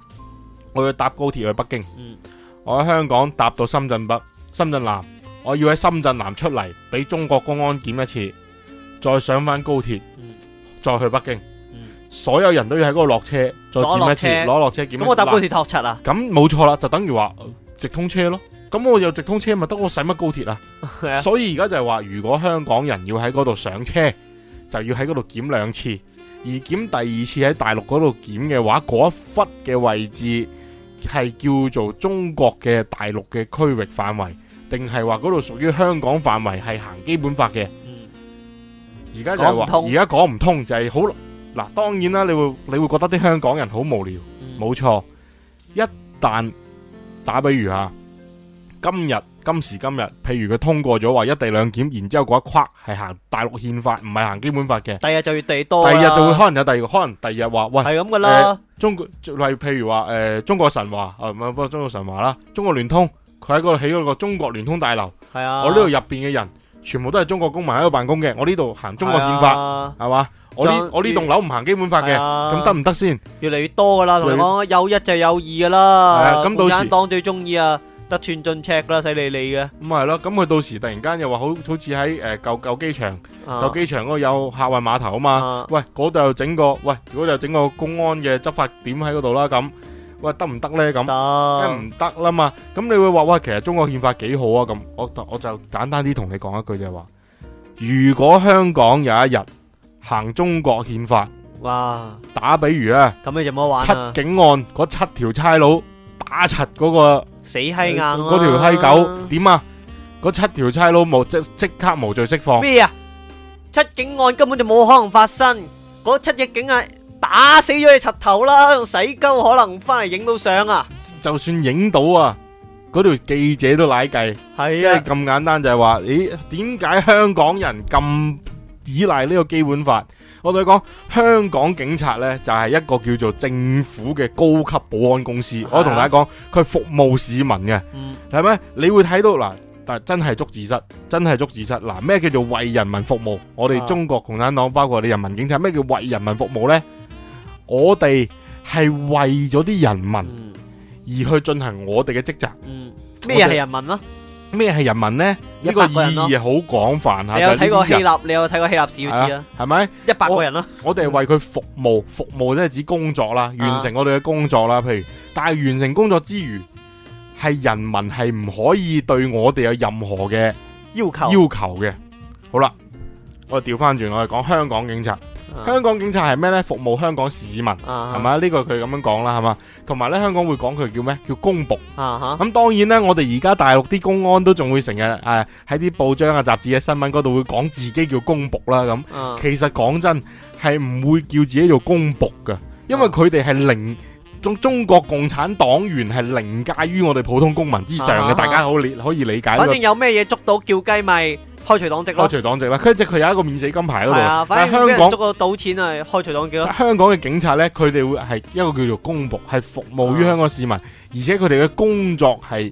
我要搭高鐵去北京。嗯、我喺香港搭到深圳北、深圳南，我要喺深圳南出嚟，俾中國公安檢一次，再上返高鐵。嗯再去北京、嗯，所有人都要喺嗰度落車，再檢一次，攞落車檢。咁我搭高鐵托柒啊！咁冇錯啦，就等於話直通車咯。咁我有直通車就、啊，咪得我使乜高鐵啊？所以而家就係話，如果香港人要喺嗰度上車，就要喺嗰度檢兩次，而檢第二次喺大陸嗰度檢嘅話，嗰一忽嘅位置係叫做中國嘅大陸嘅區域範圍，定係話嗰度屬於香港範圍，係行基本法嘅。而家就係話，而家講唔通，通就係好嗱，當然啦，你會你會覺得啲香港人好無聊，冇、嗯、錯。一旦打比如啊，今日今時今日，譬如佢通過咗話一地兩檢，然之後嗰一框係行大陸憲法，唔係行基本法嘅。第二日就粵地多，第二日就會可能有第二個，可能第二日話喂係咁噶啦、呃。中國例如譬如話誒，中國神話啊、呃，中國神話啦，中國聯通佢喺嗰度起嗰個中國聯通大樓，係啊，我呢度入邊嘅人。全部都係中國公民，喺度辦公嘅，我呢度行中國憲法，係嘛？我呢我呢棟樓唔行基本法嘅，咁得唔得先？越嚟越多噶啦，同你講，有一就有二噶啦，咁而家黨最中意啊，得寸進尺啦，犀利利嘅。咁咪係咯，咁佢到時突然間又話好好似喺誒舊舊機場舊機場嗰度有客運碼頭啊嘛，喂，嗰度又整個喂，嗰度整個公安嘅執法點喺嗰度啦咁。喂，得唔得咧？咁唔得啦嘛！咁你會話，喂，其實中國憲法幾好啊？咁我我就簡單啲同你講一句就係話：如果香港有一日行中國憲法，哇！打比如咧，咁你就冇玩七警案嗰七條差佬打柒嗰個死閪啊！嗰條閪狗點啊？嗰七條差佬無即即刻無罪釋放咩啊？七警案根本就冇可能發生，嗰七隻警啊！打死咗你柒頭啦！用洗鳩可能翻嚟影到相啊！就算影到啊，嗰條記者都奶計。係啊，咁簡單就係話，咦？點解香港人咁依賴呢個基本法？我同你講，香港警察呢就係、是、一個叫做政府嘅高級保安公司。我同大家講，佢服務市民嘅，係、嗯、咪？你會睇到嗱，但真係捉字蝨，真係捉字蝨。嗱，咩叫做為人民服務？我哋中國共產黨包括我哋人民警察，咩叫為人民服務呢？我哋係為咗啲人民而去進行我哋嘅職責。咩係人民咯？咩係人民呢？一個意義好廣泛下、就一百個人咯，你有睇過希臘？你有睇過希臘史？要知啊，係咪一百個人咯？我哋係為佢服務，服務即係指工作啦，完成我哋嘅工作啦。譬如，但係完成工作之餘，係人民係唔可以對我哋有任何嘅要求要求嘅。好啦，我調翻轉，我哋講香港警察。香港警察係咩咧？服務香港市民，係、uh-huh. 嘛？呢、呢個佢咁樣講啦，係嘛？同埋呢，香港會講佢叫咩？叫公僕。咁、uh-huh. 當然呢，我哋而家大陸啲公安都仲會成日誒喺啲報章啊、雜誌啊、新聞嗰度會講自己叫公僕啦。咁、uh-huh. 其實講真係唔會叫自己叫公僕噶，因為佢哋係凌中中國共產黨員係凌駕於我哋普通公民之上嘅。Uh-huh. 大家好可以理解。反正有咩嘢捉到叫雞咪。開除黨籍咯，開除黨籍啦！佢一直佢有一個免死金牌喺度。係、啊、反正香港捉個賭錢係開除黨籍咯。香港嘅警察咧，佢哋會係一個叫做公僕，係服務於香港市民，嗯、而且佢哋嘅工作係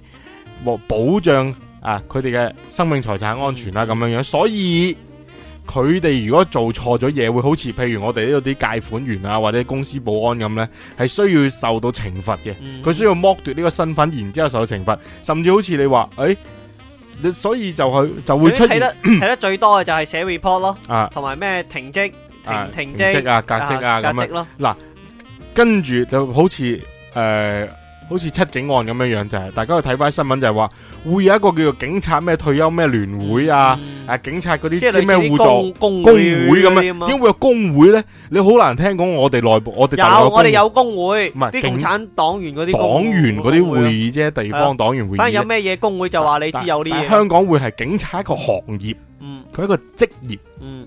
和保障啊，佢哋嘅生命財產安全啦咁樣樣。所以佢哋如果做錯咗嘢，會好似譬如我哋呢度啲借款員啊，或者公司保安咁咧，係需要受到懲罰嘅。佢、嗯、需要剝奪呢個身份，然之後受到懲罰，甚至好似你話誒。欸所以就佢就會出睇得睇 (coughs) 得最多嘅就係寫 report 咯，同埋咩停職、停、啊、停，職停職啊、革職啊咁樣咯。嗱、啊，跟住、啊啊、就好似誒。呃好似七警案咁樣樣就係、是，大家去睇翻新聞就係話，會有一個叫做警察咩退休咩聯會啊、嗯、啊，警察嗰啲即係咩互助工、工會咁樣，點會有工會咧、嗯？你好難聽講我哋內部我哋有我哋有工會，唔係啲共產黨員嗰啲黨員嗰啲會議啫，地方黨員會議。反正有咩嘢工會就話你知有啲，香港會係警察一個行業，嗯，佢一個職業，嗯。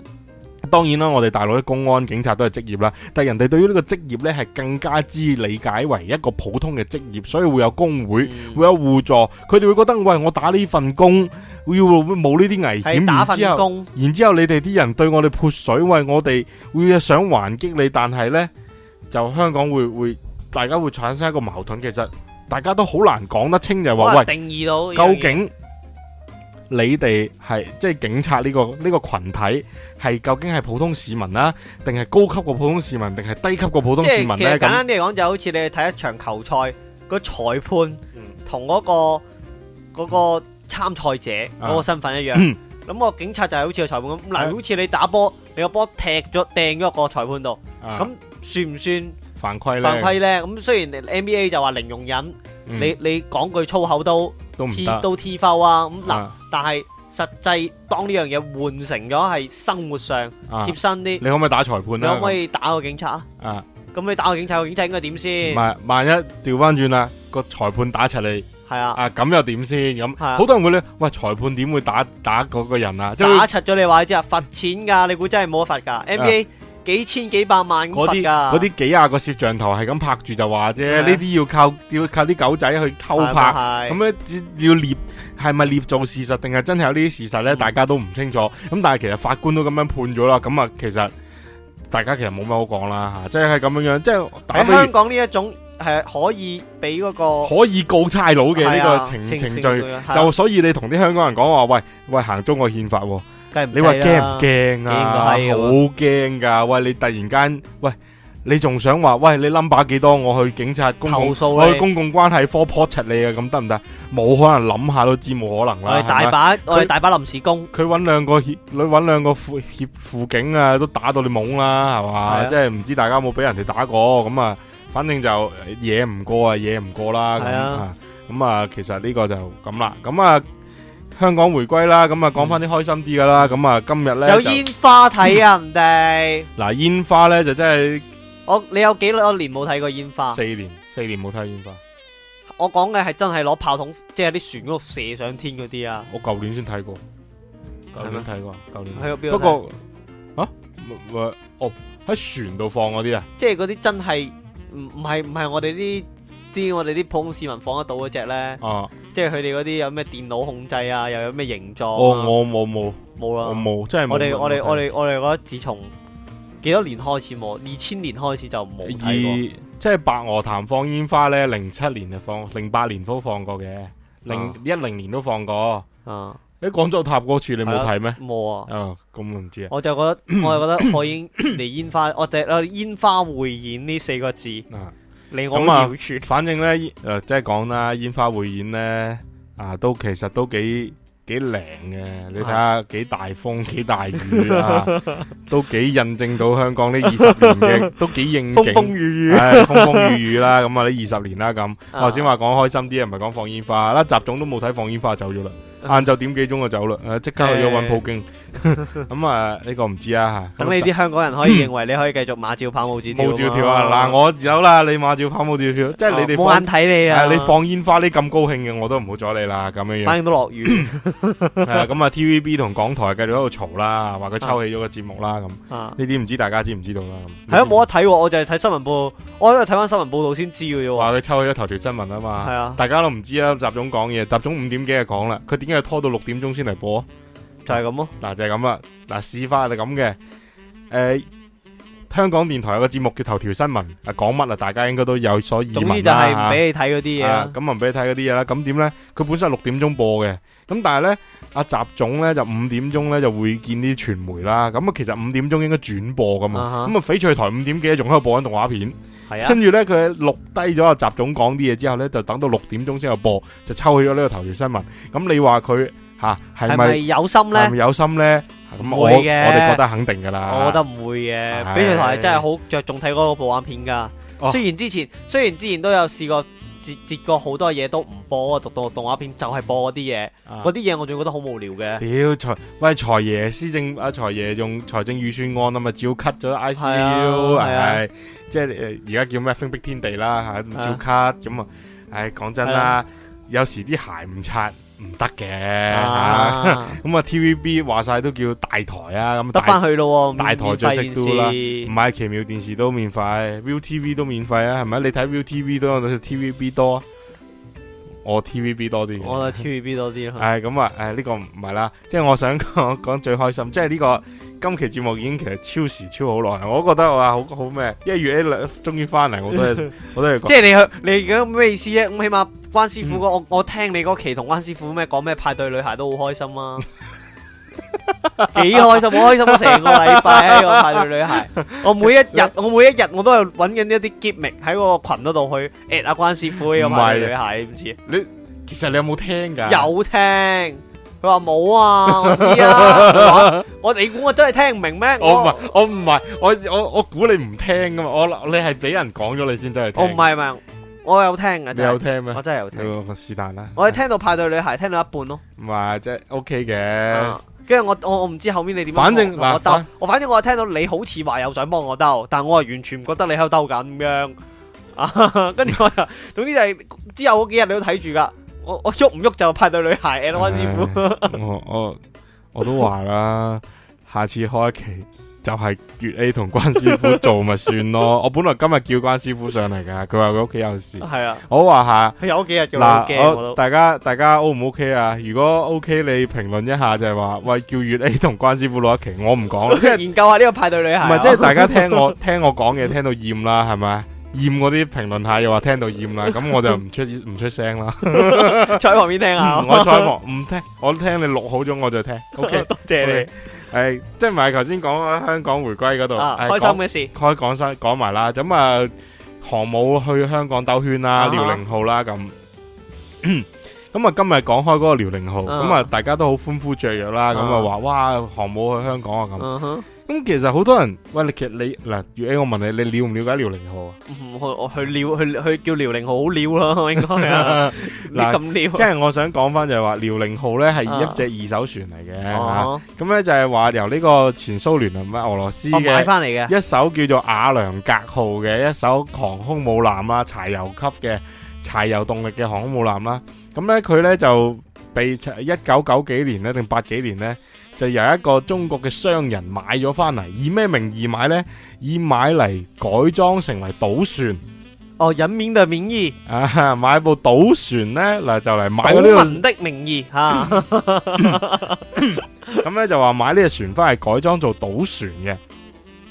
當然啦，我哋大陸啲公安警察都係職業啦，但係人哋對於呢個職業呢係更加之理解為一個普通嘅職業，所以會有工會，嗯、會有互助，佢哋會覺得喂，我打呢份工會唔會冇呢啲危險，然之後，然後你哋啲人對我哋潑水，喂，我哋會想還擊你，但係呢，就香港會會大家會產生一個矛盾，其實大家都好難講得清就係話喂，這個、究竟。你哋係即係警察呢個呢個群體係究竟係普通市民啦，定係高級個普通市民，定係低級個普通市民咧？簡單啲嚟講，就好似你去睇一場球賽，個裁判同嗰個嗰個參賽者嗰個身份一樣。咁個警察就係好似個裁判咁。嗱，好似你打波，你個波踢咗掟咗個裁判度，咁算唔算犯規咧？犯規咧？咁雖然 NBA 就話零容忍。嗯、你你講句粗口都都都 T foul 啊，咁嗱、啊，但係實際當呢樣嘢換成咗係生活上貼身啲、啊，你可唔可以打裁判啊？你可唔可以打個警察啊？啊！咁你打個警察，個警察應該點先？萬萬一調翻轉啦，個裁判打柒你，係啊，咁、啊、又點先？咁好多人會咧、啊，喂裁判點會打打嗰個人啊？打柒咗你話之後，罰錢噶，你估真係冇得罰噶 NBA 幾千幾百萬嗰啲噶，嗰啲幾廿個攝像頭係咁拍住就話啫，呢啲、啊、要靠要靠啲狗仔去偷拍，咁要捏係咪捏造事實，定係真係有呢啲事實咧、嗯？大家都唔清楚。咁、嗯嗯、但係其實法官都咁樣判咗啦，咁啊其實大家其實冇咩好講啦吓，即係咁樣樣，即係喺香港呢一種係可以俾嗰個可以告差佬嘅呢、啊這個程，程程序，程程序、啊，就所以你同啲香港人講話喂喂行中國憲法、哦。你話驚唔驚啊？好驚噶！喂，你突然間，喂，你仲想話，喂，你 number 幾多？我去警察投訴，去公共關係科 report 你啊！咁得唔得？冇可能諗下都知冇可能啦。佢大把，佢大把臨時工，佢搵兩個協，佢搵兩個協輔警啊，都打到你懵啦，係嘛？即係唔知大家有冇俾人哋打過？咁啊，反正就惹唔過啊，惹唔過啦。咁啊，咁啊，其實呢個就咁啦。咁啊。香港回歸啦，咁啊講翻啲開心啲噶啦，咁啊今日咧有煙花睇啊，人哋嗱煙花咧就真係我，你有幾多年冇睇過煙花？四年，四年冇睇煙花。我講嘅係真係攞炮筒，即係啲船嗰度射上天嗰啲啊！我舊年先睇過，係咪？舊年睇過？舊年睇過？不過啊，唔唔，哦，喺船度放嗰啲啊，即係嗰啲真係唔唔係唔係我哋啲，即係我哋啲普通市民放得到嗰隻咧。哦。即係佢哋嗰啲有咩電腦控制啊，又有咩形狀啊？哦，我冇冇冇啦，我冇，真係我哋我哋我哋我哋覺得自從幾多年開始冇，二千年開始就冇睇過。即係白鵝潭放煙花咧，零七年就放，零八年都放過嘅，零一零年都放過。啊！喺廣州塔嗰處你冇睇咩？冇啊！啊，咁我唔知啊。我就覺得， (coughs) 我就覺得我已經嚟煙花， (coughs) 我哋啊煙花匯演呢四個字。啊咁啊，反正咧，誒、呃，即係講啦，煙花匯演咧，啊，都其實都幾幾靚嘅、啊，你睇下幾大風，幾大雨啦、啊， (laughs) 都幾印證到香港呢二十年嘅，都幾應景，風風雨雨，啊、風風雨雨啦，咁 (laughs) 啊，呢二十年啦，咁、啊，頭先話講開心啲，唔係講放煙花啦，習總都冇睇放煙花走咗啦，晏晝點幾鐘就走啦，即、啊、刻去咗搵普京。欸咁、 (laughs) 嗯、啊，呢、這個唔知啊、嗯。等你啲香港人可以認為你可以繼續馬照跑跳，帽子冇照跳啊！嗱、啊啊，我走啦，你馬照跑冇照跳，啊、即係你哋冇眼睇你啊，啊！你放煙花呢咁高興嘅，我都唔好阻你啦。咁樣樣，反正都落雨。 (laughs) 係啊，咁啊，TVB 同港台繼續喺度嘈啦，話佢抽起咗個節目啦。咁呢啲唔知大家知唔知道啦？係啊，冇得睇，我就係睇新聞報，我喺度睇翻新聞報道先知嘅啫。話、啊、佢抽起咗頭條新聞啊嘛，大家都唔知啊。習總講嘢，習總五點幾就講啦，佢點解拖到六點鐘先嚟播？就係咁咯，嗱、啊、就係咁啦，嗱、啊、事發係咁嘅，誒、呃、香港電台有個節目叫頭條新聞，啊，講乜啊？大家應該都有所耳聞。所以就係唔俾你睇嗰啲嘢，咁咁唔俾你睇嗰啲嘢啦，咁點咧？佢本身係六點鐘播嘅，咁但係咧阿習總咧就五點鐘咧就會見啲傳媒啦，咁啊其實五點鐘應該轉播噶嘛，咁啊翡翠台五點幾仲喺度播緊動畫片，係啊，跟住咧佢錄低咗阿習總講啲嘢之後咧就等到六點鐘先有播，就抽起咗呢個頭條新聞。咁你話佢？吓係咪有心咧？係咪有心咧？唔會嘅，我哋覺得肯定噶啦。我覺得唔會嘅，比你台真係好着重睇嗰個部畫片噶、啊。雖然之前雖然之前都有試過接接過好多嘢,都唔播，讀到動畫片就係播嗰啲嘢，嗰啲嘢我仲覺得好無聊嘅。屌、啊、喂財爺，施政阿財爺用財政預算案啊嘛，照 cut 咗 ICU，係，即係而家叫咩封逼天地啦吓，照 cut 咁啊，唉，講真啦，有時啲鞋唔刷。唔得嘅，咁啊，啊 TVB 話晒都叫大台啊，咁得翻去咯，大台最識都啦，唔係奇妙電視都免費，ViuTV 都免費啊，係咪？你睇 ViuTV 都有比 TVB 多。我 TVB 多啲，我 TVB 多啲、 (laughs) 哎。誒，咁啊，誒、哎，呢、這個唔係啦，即係我想講講最開心，即係呢個今期節目已經其實超時超好耐，我都覺得我話好好咩，一月一兩終於翻嚟，我都係 (laughs) 我都係講。即係你你而家咩意思啊？咁起碼關師傅、嗯、我我聽你嗰期同關師傅咩講咩派對女孩都好開心啊！ (laughs) 幾 (laughs) 開心，我 (laughs) 開心成 (laughs) 個禮拜。呢個派對女孩， (laughs) 我每一日， (laughs) 我每一日我都係搵緊一啲揭秘喺個群嗰度去 at 阿關師傅咁樣嘅女孩，唔知你其實你有冇聽噶？有聽，佢話冇啊！我知啊， (laughs) 我你估我真係聽唔明咩？我唔係，我唔係，我我我估你唔聽噶嘛？我，我，我你係俾人講咗你先真係聽？唔係唔係，我有聽噶，你有聽咩？我真係有聽的，是但啦。我係聽到派對女孩 (laughs) 聽到一半咯，唔係即係 OK 嘅。嗯跟住我我我唔知後面你點，反正嗱我、啊、我反正我係聽到你好似話有想幫我鬥，但係我係完全唔覺得你喺度鬥緊咁樣啊，跟住我 (laughs) 總之就係之後嗰幾日你都睇住噶，我我喐唔喐就派對女孩 at 翻、哎、師傅，我我我都話啦， (laughs) 下次開期。就係粵 A 同關師傅做咪算咯，我本來今日叫關師傅上嚟噶，佢話佢屋企有事。係啊，我話吓，佢有幾日嘅，我驚。大家大家 O 唔 O K 啊？如果 O K，你評論一下就係話喂，叫粵 A 同關師傅錄一期，我唔講啦。研究下呢個派對旅行。唔係，即係大家聽我聽我講嘢聽到厭啦，係咪？厭嗰啲評論下又話聽到厭啦，咁我就唔出唔出聲啦。坐喺旁邊聽下，我坐喺旁唔聽，我聽你錄好咗我就聽。O K，多謝你。誒、哎，即係唔係頭先講香港回歸嗰度，開心嘅事，開講晒講埋啦。咁、嗯、啊，航母去香港兜圈啦，遼、嗯、寧號啦咁。咁啊， (coughs) 今日講開嗰個遼寧號，咁、嗯、啊，大家都好歡呼雀躍啦。咁、嗯、啊，話哇，航母去香港啊咁。咁其實好多人喂，你其實你嗱，我問你，你了唔了解遼寧號啊？我我去了，去去叫遼寧號好了咯，應該。你咁了？即係我想講翻就係話，遼寧號咧係一隻二手船嚟嘅，咁咧就係話由呢個前蘇聯啊，唔係俄羅斯嘅買翻嚟嘅。一艘叫做瓦良格號嘅，一艘航空母艦啊，柴油級嘅柴油動力嘅航空母艦啦。咁咧佢咧就被一九九幾年咧定八幾年咧？就由一個中國嘅商人買咗翻嚟，以咩名義買呢？以買嚟改裝成為賭船哦，隱名就免議啊！買部賭船呢，嗱就嚟買呢，這個賭民的名義吓，咁、啊 (coughs) (coughs) 嗯、呢就話買呢隻船翻嚟改裝做賭船嘅，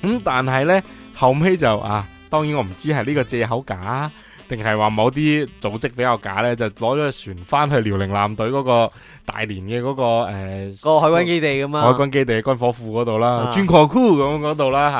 咁但係呢後尾就啊，當然我唔知係呢個借口假。定係話某啲組織比較假咧，就攞咗隻船翻去遼寧艦隊嗰個大連嘅嗰個誒個海軍基地咁樣，海軍基地軍火庫嗰度啦，鑽礦庫咁嗰度啦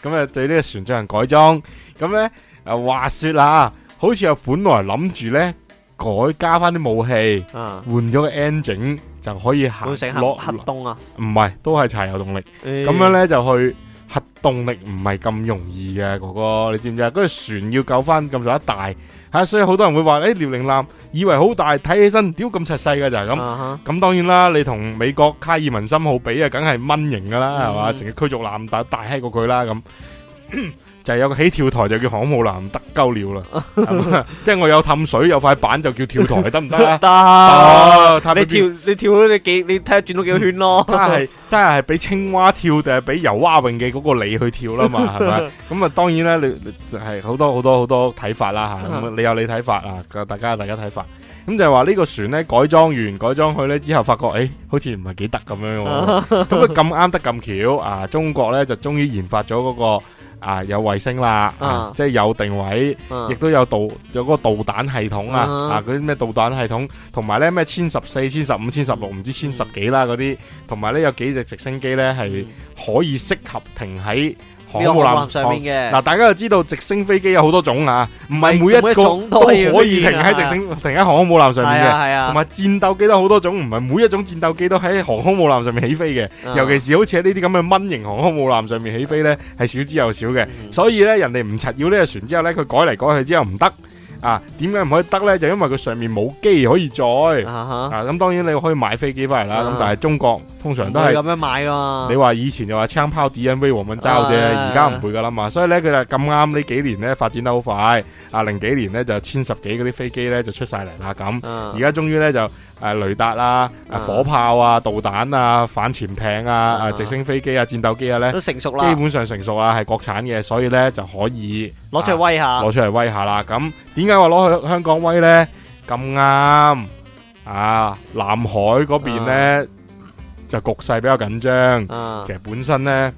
吓，咁啊對呢個船進行改裝，咁咧誒話說啦，好似又本來諗住咧改加翻啲武器，換咗個 engine 就可以行落核動啊，唔係都係柴油動力，咁樣咧就去。核動力唔係咁容易嘅，哥哥，你知唔知啊？嗰、那個、船要救翻咁就一大，係所以好多人會話，誒、欸、遼寧艦以為好大，睇起身屌咁出世嘅就係咁。咁、uh-huh. 當然啦，你同美國卡爾文森號比啊，梗係蚊型噶啦，係嘛？成、嗯、個驅逐艦大他大閪過佢啦咁。就係、是、有個起跳台就叫航空母艦，唔得鳩了啦！ (laughs) 即係我有氹水有塊板就叫跳台，得唔得啊？得 (laughs) 你跳你跳咗你，你幾你睇下轉咗幾個圈咯？真係真係係俾青蛙跳定係俾游蛙泳嘅嗰個你去跳啦嘛？係咪？咁啊，當然呢啦，你係好多好多好多睇法啦吓。咁你有你睇法啊？大家大家睇法。咁就係話呢個船咧改裝完改裝去咧之後發覺，誒、欸，好似唔係幾得咁樣、啊。咁啊咁啱得咁巧，巧啊！中國咧就終於研發咗嗰、那個。啊，有衛星啦，uh-huh. 啊，即係有定位，亦、uh-huh. 都有導有嗰個導彈系統啊，uh-huh. 啊，嗰啲咩導彈系統，同埋咧咩千十四、千十五、千十六，唔知千十幾啦嗰啲，同埋咧有幾隻直升機咧係可以適合停喺航空母艦上面嘅嗱，大家又知道直升飛機有好多種啊，唔係每一個都可以停喺直升、啊、停喺航空母艦上面嘅，同埋、啊啊、戰鬥機都好多種，唔係每一種戰鬥機都喺航空母艦上面起飛嘅、啊，尤其是好似喺呢啲咁嘅蚊型航空母艦上面起飛呢，係少之又少嘅、嗯嗯，所以呢，人哋唔拆要呢隻船之後呢，佢改嚟改去之後唔得。啊，點解唔可以得呢？就因為佢上面冇機可以載。Uh-huh. 啊，咁當然你可以買飛機翻嚟啦。咁、uh-huh. 但係中國通常都係咁樣買噶嘛。你話以前就話槍炮 D N V 黃文洲啫，而家唔會噶啦嘛。Uh-huh. 所以呢，佢就咁啱呢幾年呢發展得好快。啊，零幾年呢，就千十幾嗰啲飛機呢就出晒嚟啦。咁而家終於呢，就。誒，雷達啦、啊，火炮啊，導彈啊，反潛艇啊，誒、啊，直升飛機啊，戰鬥機啊呢都成熟啦。基本上成熟啊，係國產嘅，所以呢就可以攞出嚟威下、啊，攞出嚟威下啦。咁點解話攞去香港威呢？咁啱啊，南海嗰邊呢、啊，就局勢比較緊張、啊。其實本身呢，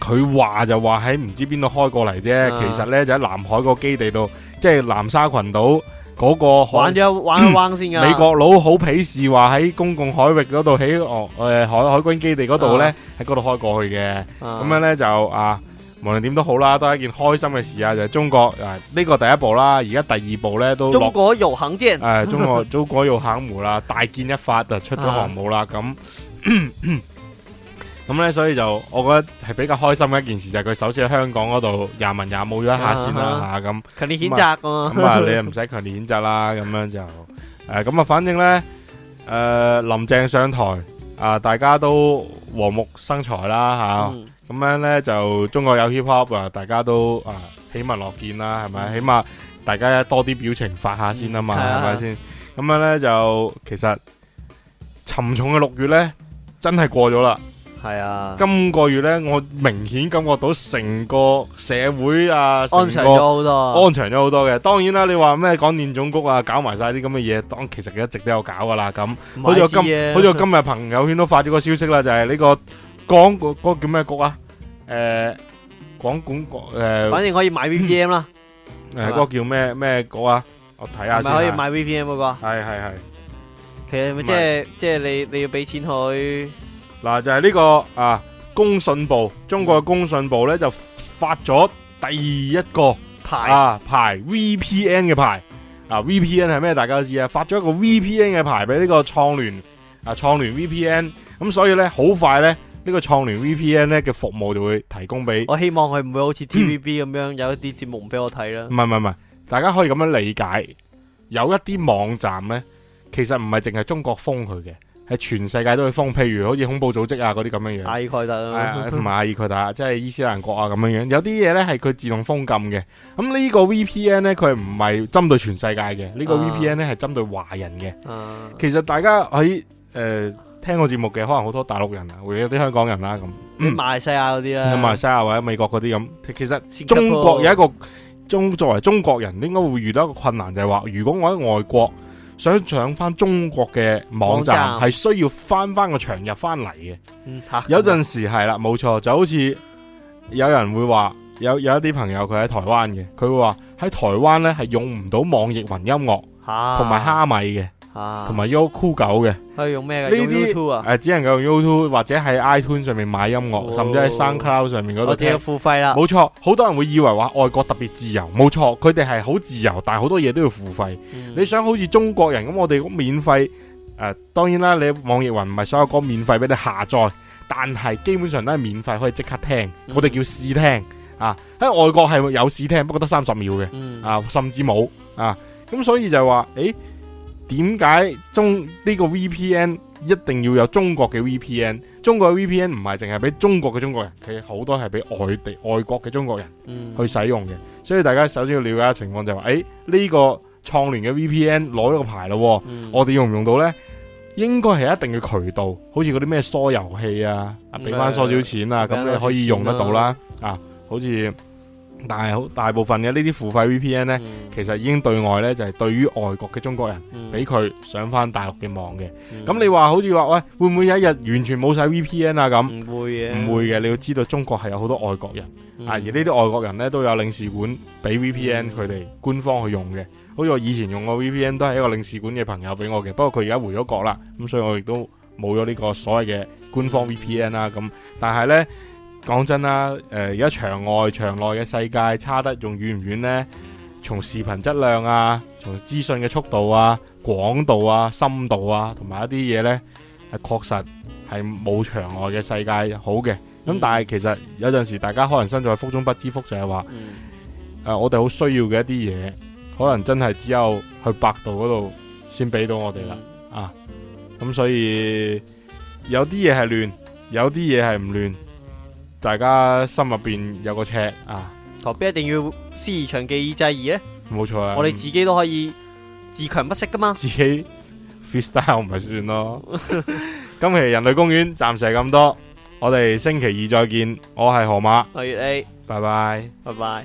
佢話就話喺唔知邊度開過嚟啫、啊，其實呢，就喺南海個基地度，即係南沙群島。嗰、那個、玩咗玩一玩先噶，美國佬好鄙視，話喺公共海域嗰度喺哦誒海海軍基地嗰度咧喺嗰度開過去嘅，咁、啊、樣咧就啊，無論點都好啦，都係一件開心嘅事、就是、啊！就係中國啊，呢個第一步啦，而家第二步咧都中國有航母，誒，中國遊行、啊、中國有航母啦，大建一發就出咗航母啦，咁、啊。咁咧，所以就我覺得係比較開心嘅一件事，就係佢首次喺香港嗰度廿文廿武咗一下先啦吓，咁。強、啊啊、烈譴責咁啊，啊，啊，啊 (laughs) 你又唔使強烈譴責啦，咁樣就誒咁啊，反正咧誒、呃、林鄭上台啊，大家都和睦生財啦吓，咁樣咧就中國有 hip hop 啊，大家都啊喜聞樂見啦，係咪？嗯、起碼大家多啲表情發下先啊嘛，係咪先？咁樣咧就其實沉重嘅六月咧真係過咗啦。係啊，今個月咧，我明顯感覺到成個社會啊，安詳咗好多，安詳咗好多嘅。當然啦，你話咩廣電總局啊，搞埋晒啲咁嘅嘢，當其實佢一直都有搞噶啦。咁好似今，好似今日朋友圈都發咗個消息啦，就係呢個港嗰嗰個叫咩局啊？誒，廣管局誒，反正可以買 VPN 啦。係嗰個叫咩咩局啊？我睇下先。可以買 VPN 嗰個。係係係。其實咪即係即係你你要俾錢佢。嗱、啊，就係、是、呢、這個啊，工信部，中國嘅工信部咧就發咗第一個啊牌, VPN 的牌啊牌 VPN 嘅牌啊 VPN 係咩？大家都知啊，發咗一個 VPN 嘅牌俾呢個創聯啊創聯 VPN，咁所以咧好快咧呢、這個創聯 VPN 咧嘅服務就會提供俾我希望佢唔會好似 TVB 咁、嗯、樣有一啲節目唔俾我睇啦。唔係唔係唔係，大家可以咁樣理解，有一啲網站咧其實唔係淨係中國封佢嘅。係全世界都會封，譬如好似恐怖組織啊嗰啲咁樣樣，同埋阿爾蓋達、啊 (laughs) 爾達，即係伊斯蘭國啊咁樣樣。有啲嘢咧係佢自動封禁嘅。咁呢個 VPN 咧，佢唔係針對全世界嘅，呢、呢個 VPN 咧係、啊、針對華人嘅。啊、其實大家喺誒、呃、聽過節目嘅，可能好多大陸人啊，或者啲香港人啦咁，嗯、馬來西亞嗰啲啦，馬來西亞或者美國嗰啲咁。其實中國有一個中作為中國人應該會遇到一個困難，就係、是、話如果我喺外國。想上翻中國嘅網站，係需要翻翻個牆入翻嚟嘅。有陣時係啦，冇、嗯、錯，就好似有人會話，有有一啲朋友佢喺台灣嘅，佢會話喺台灣呢，係用唔到網易雲音樂同埋蝦米嘅，同、啊、埋用酷狗嘅，係用咩嘅、啊？呢啲誒，只能夠用 YouTube 或者喺 iTunes 上面買音樂、哦，甚至喺 SoundCloud 上面嗰度。我只有付費啦。冇錯，好多人會以為話外國特別自由，冇錯，佢哋係好自由，但係好多嘢都要付費、嗯。你想好似中國人咁，我哋免費誒、呃，當然啦，你的網易雲唔係所有歌免費俾你下載，但係基本上都係免費可以即刻聽，我哋叫試聽、嗯、啊。喺外國係有試聽，不過得三十秒嘅、嗯，啊，甚至冇啊。咁所以就係話誒。欸點解中呢個 VPN 一定要有中國嘅 VPN？中國嘅 VPN 唔係淨係俾中國嘅中國人，其實好多係俾外地外國嘅中國人去使用嘅、嗯。所以大家首先要了解下情況就係、是、話，誒、欸、呢、這個創聯嘅 VPN 攞咗個牌咯、嗯，我哋用唔用到呢？應該係一定嘅渠道，好似嗰啲咩梭遊戲啊，俾翻多少少錢啊，咁、嗯、你可以用得到啦。嗯、啊，好似。但係好大部分嘅呢啲付費 VPN 呢、嗯，其實已經對外呢，就係、是、對於外國嘅中國人，俾、嗯、佢上翻大陸嘅網嘅。咁、嗯、你話好似話喂，會唔會有一日完全冇晒 VPN 啊？咁唔會嘅，唔會嘅。你要知道中國係有好多外國人啊，嗯、而呢啲外國人呢，都有領事館俾 VPN 佢哋官方去用嘅。好似我以前用過 VPN 都係一個領事館嘅朋友俾我嘅，不過佢而家回咗國啦，咁所以我亦都冇咗呢個所謂嘅官方 VPN 啦、啊。咁但係呢。講真啦，誒、呃，而家牆外牆內嘅世界差得仲遠唔遠呢？從視頻質量啊，從資訊嘅速度啊、廣度啊、深度啊，同埋一啲嘢呢，係確實係冇牆外嘅世界好嘅。咁但係其實有陣時大家可能身在福中不知福就，就係話誒，我哋好需要嘅一啲嘢，可能真係只有去百度嗰度先俾到我哋啦、嗯。啊，咁所以有啲嘢係亂，有啲嘢係唔亂。大家心入邊有個尺啊，何必一定要師夷長技以制夷呢？冇錯啊！我哋自己都可以自強不息噶嘛。自己 freestyle 唔係算咯。 (laughs) 今期人類公園暫時係咁多，我哋星期二再見。我係河馬，係月 A，拜拜，拜拜。